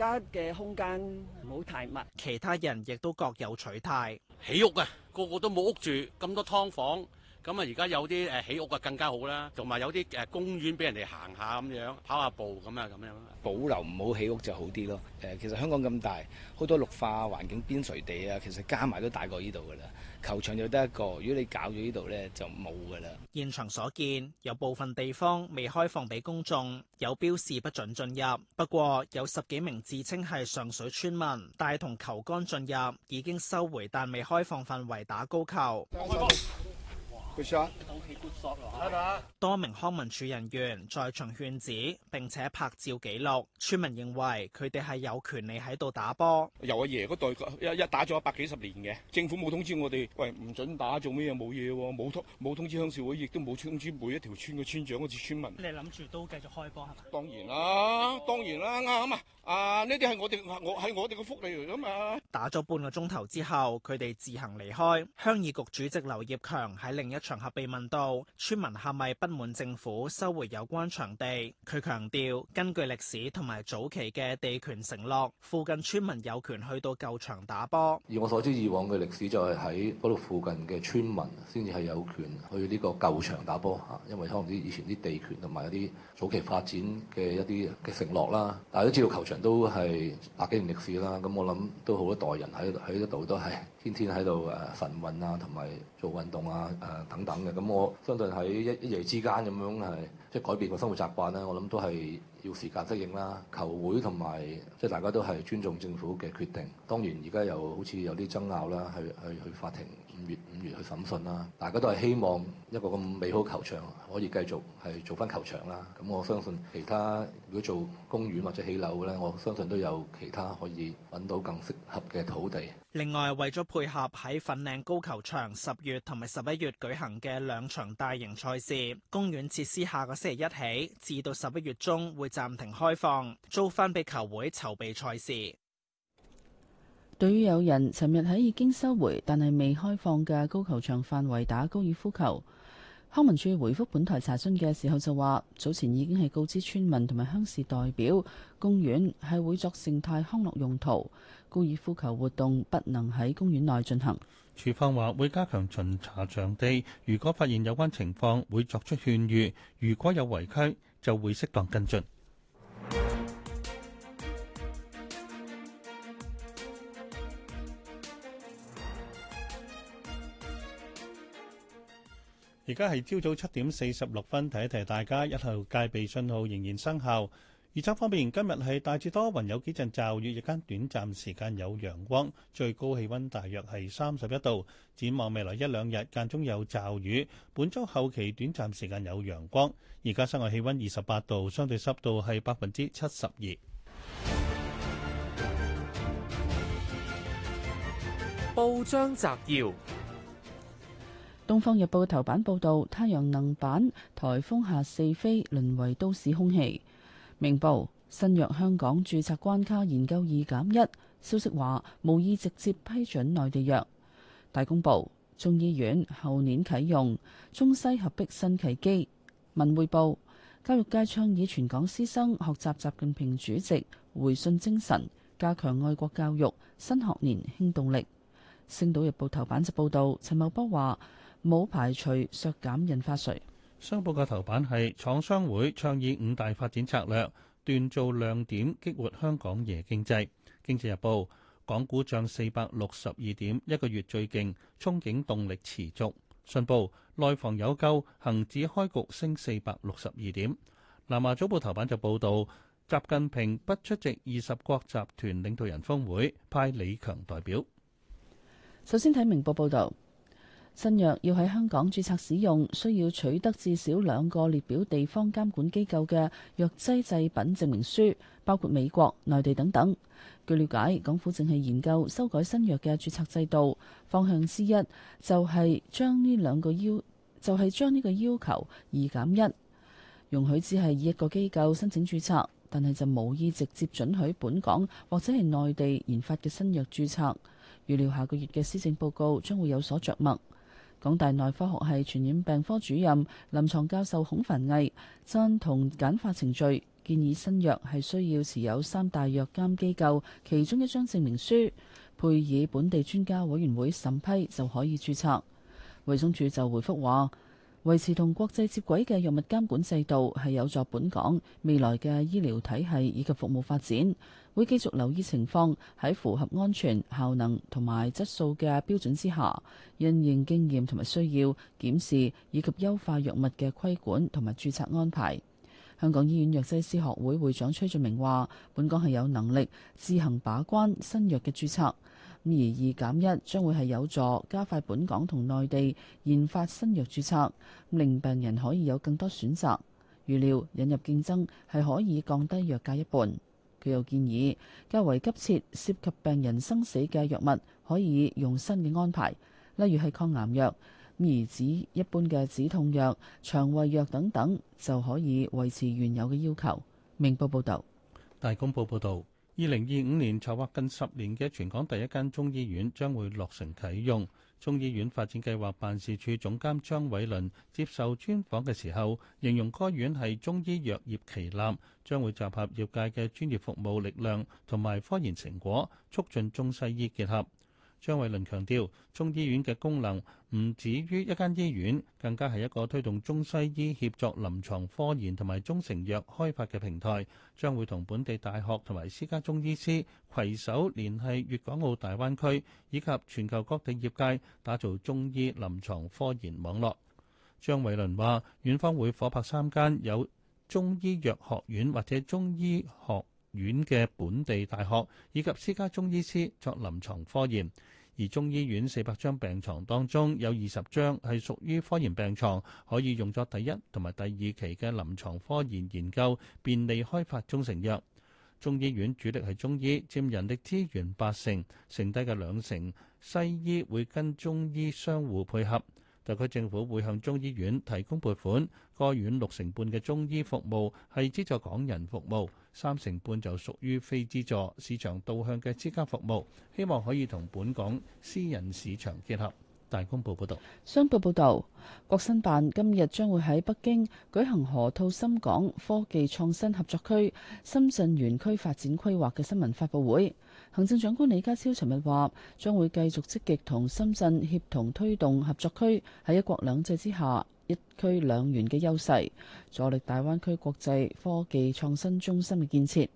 家嘅空間唔好太密，其他人亦都各有取態。起屋啊，個個都冇屋住，咁多劏房。咁啊！而家有啲誒起屋啊，更加好啦。同埋有啲誒公園俾人哋行下咁樣跑下步咁啊，咁樣保留唔好起屋就好啲咯。誒，其實香港咁大，好多綠化環境邊陲地啊，其實加埋都大過呢度噶啦。球場就得一個，如果你搞咗呢度咧，就冇噶啦。現場所見，有部分地方未開放俾公眾，有標示不准進入。不過有十幾名自稱係上水村民，帶同球桿進入，已經收回，但未開放範圍打高球。多名康文署人員在場勸止，並且拍照記錄。村民認為佢哋係有權利喺度打波。由阿爺嗰代一一打咗一百幾十年嘅，政府冇通知我哋，喂，唔准打做咩嘢，冇嘢喎，冇通冇通知鄉事會，亦都冇通知每一條村嘅村長嗰啲村民。你諗住都繼續開波係嘛？當然啦，當然啦，啱啊！啊！呢啲係我哋我係我哋嘅福利嚟㗎嘛。打咗半個鐘頭之後，佢哋自行離開。鄉議局主席劉業強喺另一場合被問到：村民係咪不滿政府收回有關場地？佢強調，根據歷史同埋早期嘅地權承諾，附近村民有權去到舊場打波。而我所知，以往嘅歷史就係喺嗰度附近嘅村民先至係有權去呢個舊場打波嚇，因為可能啲以前啲地權同埋一啲早期發展嘅一啲嘅承諾啦。大家都知道球場。都係百幾年歷史啦，咁我諗都好多代人喺喺度都係天天喺度誒晨運啊，同埋做運動啊，誒、啊、等等嘅。咁我相對喺一一夜之間咁樣係即係改變個生活習慣啦。我諗都係要時間適應啦。球會同埋即係大家都係尊重政府嘅決定。當然而家又好似有啲爭拗啦，去去去法庭，五月，五月去審訊啦，大家都係希望一個咁美好球場可以繼續係做翻球場啦。咁我相信其他如果做公園或者起樓咧，我相信都有其他可以揾到更適合嘅土地。另外，為咗配合喺粉嶺高球場十月同埋十一月舉行嘅兩場大型賽事，公園設施下個星期一起至到十一月中會暫停開放，租翻俾球會籌備賽事。對於有人尋日喺已經收回但係未開放嘅高球場範圍打高爾夫球，康文署回覆本台查詢嘅時候就話，早前已經係告知村民同埋鄉事代表，公園係會作生態康樂用途，高爾夫球活動不能喺公園內進行。處方話會加強巡查場地，如果發現有關情況，會作出勸喻；如果有違規，就會適當跟進。而家係朝早七點四十六分，提一提大家，一號戒備信號仍然生效。預測方面，今日係大致多雲，有幾陣驟雨，日間短暫時間有陽光，最高氣溫大約係三十一度。展望未來一兩日，間中有驟雨，本周後期短暫時間有陽光。而家室外氣溫二十八度，相對濕度係百分之七十二。報章摘要。《東方日報》嘅頭版報導，太陽能板颱風下四飛，淪為都市空氣。《明報》新藥香港註冊關卡研究二減一，1，消息話無意直接批准內地藥。《大公報》中醫院後年啟用，中西合璧新契機。《文匯報》教育界倡議全港師生學習習，習近平主席回信精神，加強愛國教育。新學年輕動力。《星島日報》頭版就報導，陳茂波話。冇排除削減印花稅。商報嘅頭版係廠商會倡議五大發展策略，鍛造亮點，激活香港夜經濟。經濟日報：港股漲四百六十二點，一個月最勁，憧憬動力持續。信報：內房有救，恒指開局升四百六十二點。南華早報頭版就報道，習近平不出席二十國集團領導人峰會，派李強代表。首先睇明報報道。新藥要喺香港註冊使用，需要取得至少兩個列表地方監管機構嘅藥劑製品證明書，包括美國、內地等等。據了解，港府正係研究修改新藥嘅註冊制度，方向之一就係將呢兩個要就係將呢個要求二減一，容許只係以一個機構申請註冊，但係就無意直接准許本港或者係內地研發嘅新藥註冊。預料下個月嘅施政報告將會有所著墨。港大內科學系傳染病科主任、臨床教授孔凡毅贊同簡化程序，建議新藥係需要持有三大藥監機構其中一張證明書，配以本地專家委員會審批就可以註冊。衞生署就回覆話：維持同國際接軌嘅藥物監管制度係有助本港未來嘅醫療體系以及服務發展。會繼續留意情況，喺符合安全、效能同埋質素嘅標準之下，因應經驗同埋需要檢視以及優化藥物嘅規管同埋註冊安排。香港醫院藥劑師學會會會長崔俊明話，本港係有能力自行把關新藥嘅註冊。而二減一將會係有助加快本港同內地研發新藥註冊，令病人可以有更多選擇。預料引入競爭係可以降低藥價一半。佢又建議較為急切涉及病人生死嘅藥物可以用新嘅安排，例如係抗癌藥，咁而止一般嘅止痛藥、腸胃藥等等就可以維持原有嘅要求。明報報道。大公報報導。二零二五年籌劃近十年嘅全港第一間中醫院將會落成啟用。中醫院發展計劃辦事處總監張偉麟接受專訪嘅時候，形容該院係中醫藥業旗艦，將會集合業界嘅專業服務力量同埋科研成果，促進中西醫結合。張偉麟強調，中醫院嘅功能唔止於一間醫院，更加係一個推動中西醫協作、臨床科研同埋中成藥開發嘅平台。將會同本地大學同埋私家中醫師攜手，聯繫粵港澳大灣區以及全球各地業界，打造中醫臨床科研網絡。張偉麟話：院方會夥拍三間有中醫藥學院或者中醫學院嘅本地大學以及私家中醫師作臨床科研，而中醫院四百張病床當中有二十張係屬於科研病床，可以用作第一同埋第二期嘅臨床科研研究，便利開發中成藥。中醫院主力係中醫佔人力資源八成，剩低嘅兩成西醫會跟中醫相互配合。特區政府會向中醫院提供撥款，該院六成半嘅中醫服務係資助港人服務。三成半就屬於非資助市場導向嘅資格服務，希望可以同本港私人市場結合。大公報報道，商報報導，國新辦今日將會喺北京舉行河套深港科技創新合作區深圳園區發展規劃嘅新聞發佈會。行政長官李家超尋日話，將會繼續積極同深圳協同推動合作區喺一國兩制之下，一區兩園嘅優勢，助力大灣區國際科技創新中心嘅建設。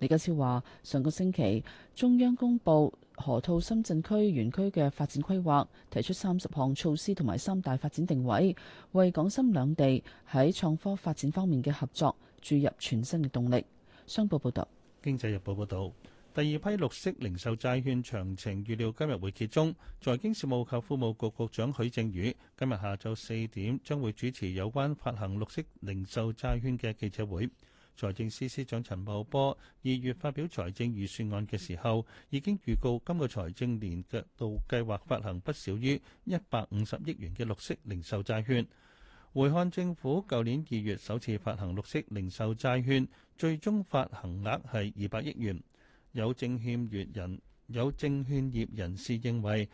李家超話：上個星期，中央公布河套深圳區園區嘅發展規劃，提出三十項措施同埋三大發展定位，為港深兩地喺創科發展方面嘅合作注入全新嘅動力。商報報道：經濟日報報道。第二批綠色零售債券詳情預料今日會揭盅，財經事務及庫務局局長許正宇今日下晝四點將會主持有關發行綠色零售債券嘅記者會。財政司司長陳茂波二月發表財政預算案嘅時候，已經預告今個財政年度計劃發行不少於一百五十億元嘅綠色零售債券。回看政府舊年二月首次發行綠色零售債券，最終發行額係二百億元。有證券業人有證券業人士認為，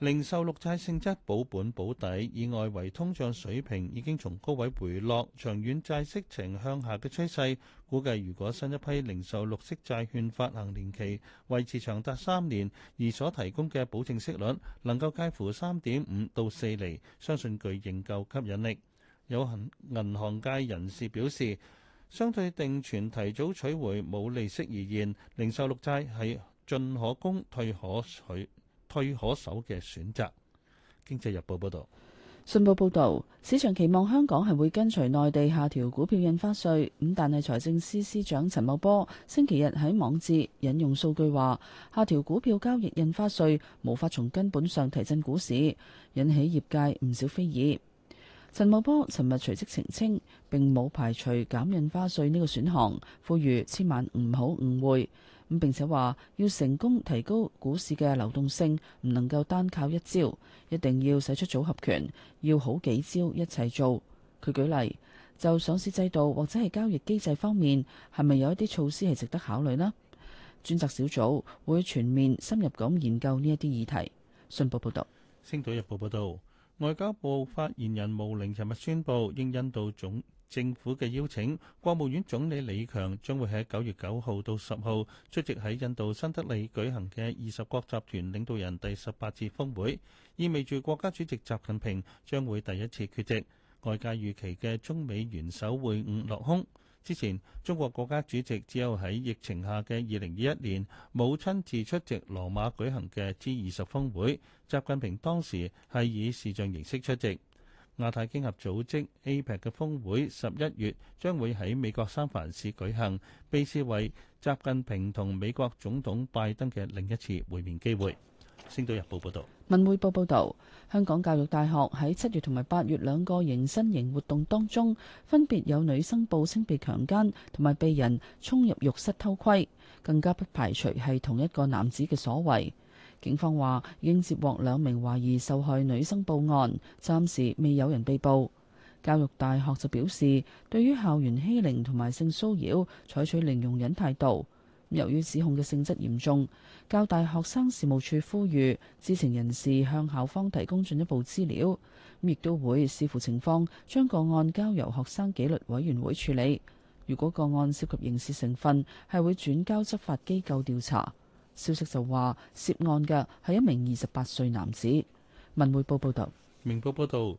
零售綠債性質保本保底，以外圍通脹水平已經從高位回落，長遠債息呈向下嘅趨勢。估計如果新一批零售綠色債券發行年期維持長達三年，而所提供嘅保證息率能夠介乎三點五到四厘，相信具仍夠吸引力。有銀銀行界人士表示。相對定存提早取回冇利息而言，零售綠債係進可攻退可取退可守嘅選擇。經濟日報報道，信報報道，市場期望香港係會跟隨內地下調股票印花稅，咁但係財政司司司長陳茂波星期日喺網誌引用數據話，下調股票交易印花稅無法從根本上提振股市，引起業界唔少非議。陳茂波尋日隨即澄清，並冇排除減印花稅呢個選項，呼籲千萬唔好誤會。咁並且話要成功提高股市嘅流動性，唔能夠單靠一招，一定要使出組合拳，要好幾招一齊做。佢舉例就上市制度或者係交易機制方面，係咪有一啲措施係值得考慮呢？專責小組會全面深入咁研究呢一啲議題。信報報道，《星島日報》報道。外交部發言人毛寧今日宣布，應印度總政府嘅邀請，國務院總理李強將會喺九月九號到十號出席喺印度新德里舉行嘅二十國集團領導人第十八次峰會，意味住國家主席習近平將會第一次缺席，外界預期嘅中美元首會晤落空。之前，中國國家主席只有喺疫情下嘅二零二一年冇親自出席羅馬舉行嘅 G 二十峰會。習近平當時係以視像形式出席亞太經合組織 APEC 嘅峰會。十一月將會喺美國三藩市舉行，被視為習近平同美國總統拜登嘅另一次會面機會。星島日報報道，文匯報報道，香港教育大學喺七月同埋八月兩個迎新營活動當中，分別有女生報稱被強姦同埋被人衝入浴室偷窺，更加不排除係同一個男子嘅所為。警方話，已經接獲兩名懷疑受害女生報案，暫時未有人被捕。教育大學就表示，對於校園欺凌同埋性騷擾，採取零容忍態度。由於指控嘅性質嚴重，教大學生事務處呼籲知情人士向校方提供進一步資料，亦都會視乎情況將個案交由學生紀律委員會處理。如果個案涉及刑事成分，係會轉交執法機構調查。消息就話涉案嘅係一名二十八歲男子。文匯報報道。明報報導。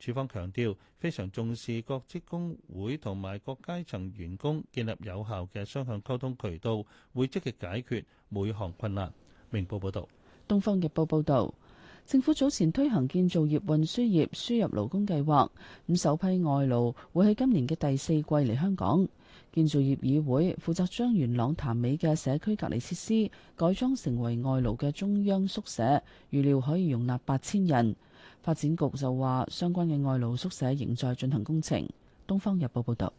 處方強調，非常重視各職工會同埋各階層員工建立有效嘅雙向溝通渠道，會積極解決每項困難。明報報道。東方日報報道，政府早前推行建造業、運輸業輸入勞工計劃，咁首批外勞會喺今年嘅第四季嚟香港。建造業議會負責將元朗潭尾嘅社區隔離設施改裝成為外勞嘅中央宿舍，預料可以容納八千人。發展局就話，相關嘅外勞宿舍仍在進行工程。東方日報報道。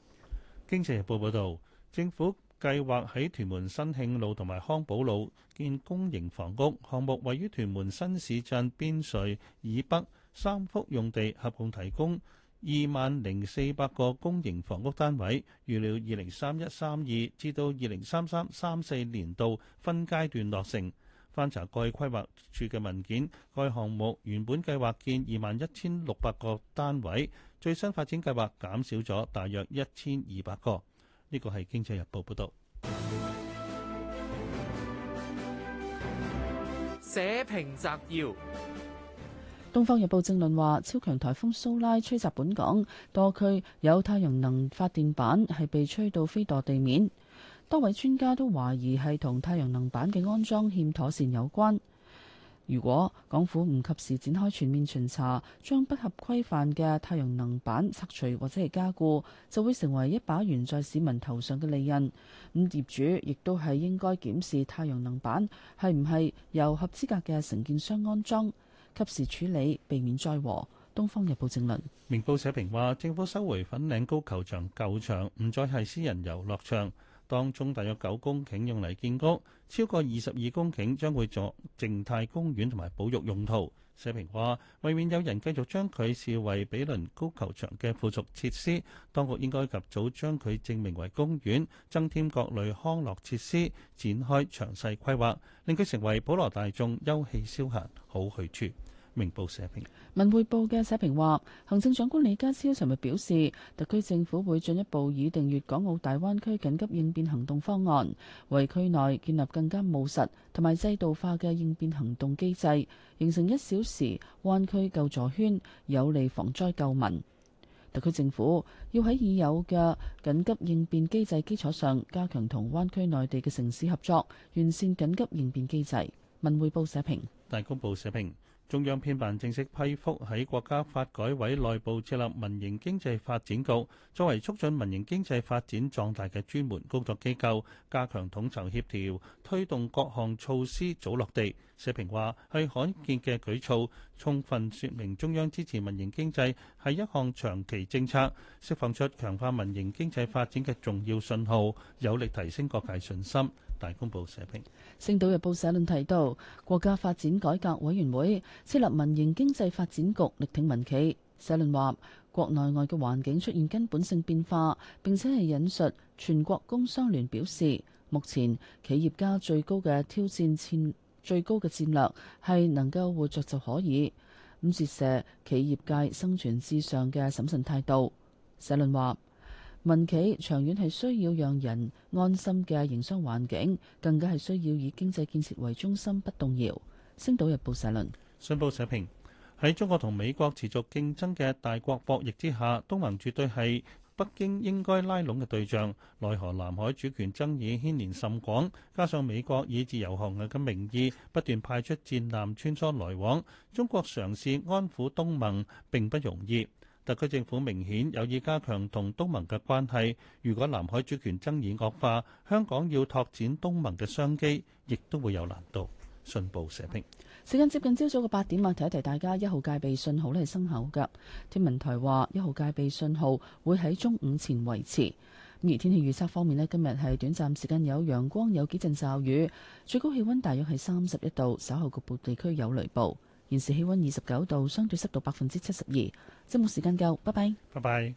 經濟日報報道，政府計劃喺屯門新慶路同埋康寶路建公營房屋項目，位於屯門新市鎮邊陲以北，三幅用地合共提供二萬零四百個公營房屋單位，預料二零三一三二至到二零三三三四年度分階段落成。翻查過去規劃處嘅文件，該項目原本計劃建二萬一千六百個單位，最新發展計劃減少咗大約一千二百個。呢個係《經濟日報》報導。社評摘要，《東方日報》正論話：超強颱風蘇拉吹襲本港，多區有太陽能發電板係被吹到飛墮地面。多位專家都懷疑係同太陽能板嘅安裝欠妥善有關。如果港府唔及時展開全面巡查，將不合規範嘅太陽能板拆除或者係加固，就會成為一把懸在市民頭上嘅利刃。咁業主亦都係應該檢視太陽能板係唔係由合資格嘅承建商安裝，及時處理，避免災禍。《東方日報》正論。明報社評話，政府收回粉嶺高球場舊場，唔再係私人遊樂場。當中大約九公頃用嚟建屋，超過二十二公頃將會作靜態公園同埋保育用途。社評話，為免有人繼續將佢視為毗鄰高球場嘅附屬設施，當局應該及早將佢證明為公園，增添各類康樂設施，展開詳細規劃，令佢成為普羅大眾休憩消閒好去處。明報社評。文匯報嘅社評話，行政長官李家超尋日表示，特區政府會進一步擬訂粵港澳大灣區緊急應變行動方案，為區內建立更加務實同埋制度化嘅應變行動機制，形成一小時灣區救助圈，有利防災救民。特區政府要喺已有嘅緊急應變機制基礎上，加強同灣區內地嘅城市合作，完善緊急應變機制。文匯報社評，大公報社評。中央編辦正式批覆喺國家發改委內部設立民營經濟發展局，作為促進民營經濟發展壯大嘅專門工作機構，加強統籌協調，推動各項措施早落地。社評話係罕見嘅舉措，充分說明中央支持民營經濟係一項長期政策，釋放出強化民營經濟發展嘅重要信號，有力提升各界信心。大公報社評。星島日報社論提到，國家發展改革委員會設立民營經濟發展局，力挺民企。社論話，國內外嘅環境出現根本性變化，並且係引述全國工商聯表示，目前企業家最高嘅挑戰，戰，最高嘅戰略係能夠活着就可以。咁折射企業界生存至上嘅審慎態度。社論話。民企長遠係需要讓人安心嘅營商環境，更加係需要以經濟建設為中心，不動搖。星島日報社論。信報社評：喺中國同美國持續競爭嘅大國博弈之下，東盟絕對係北京應該拉攏嘅對象。奈何南海主權爭議牽連甚廣，加上美國以自由航行嘅名義不斷派出戰艦穿梭來往，中國嘗試安撫東盟並不容易。特區政府明顯有意加強同東盟嘅關係。如果南海主權爭議惡化，香港要拓展東盟嘅商機，亦都會有難度。信報社評。時間接近朝早嘅八點啊，提一提大家，一號戒備信號呢係生效嘅。天文台話，一號戒備信號會喺中午前維持。而天氣預測方面咧，今日係短暫時間有陽光，有幾陣驟雨，最高氣温大約係三十一度。稍後局部地區有雷暴。現時氣溫二十九度，相對濕度百分之七十二。節目時間夠，拜拜。拜拜。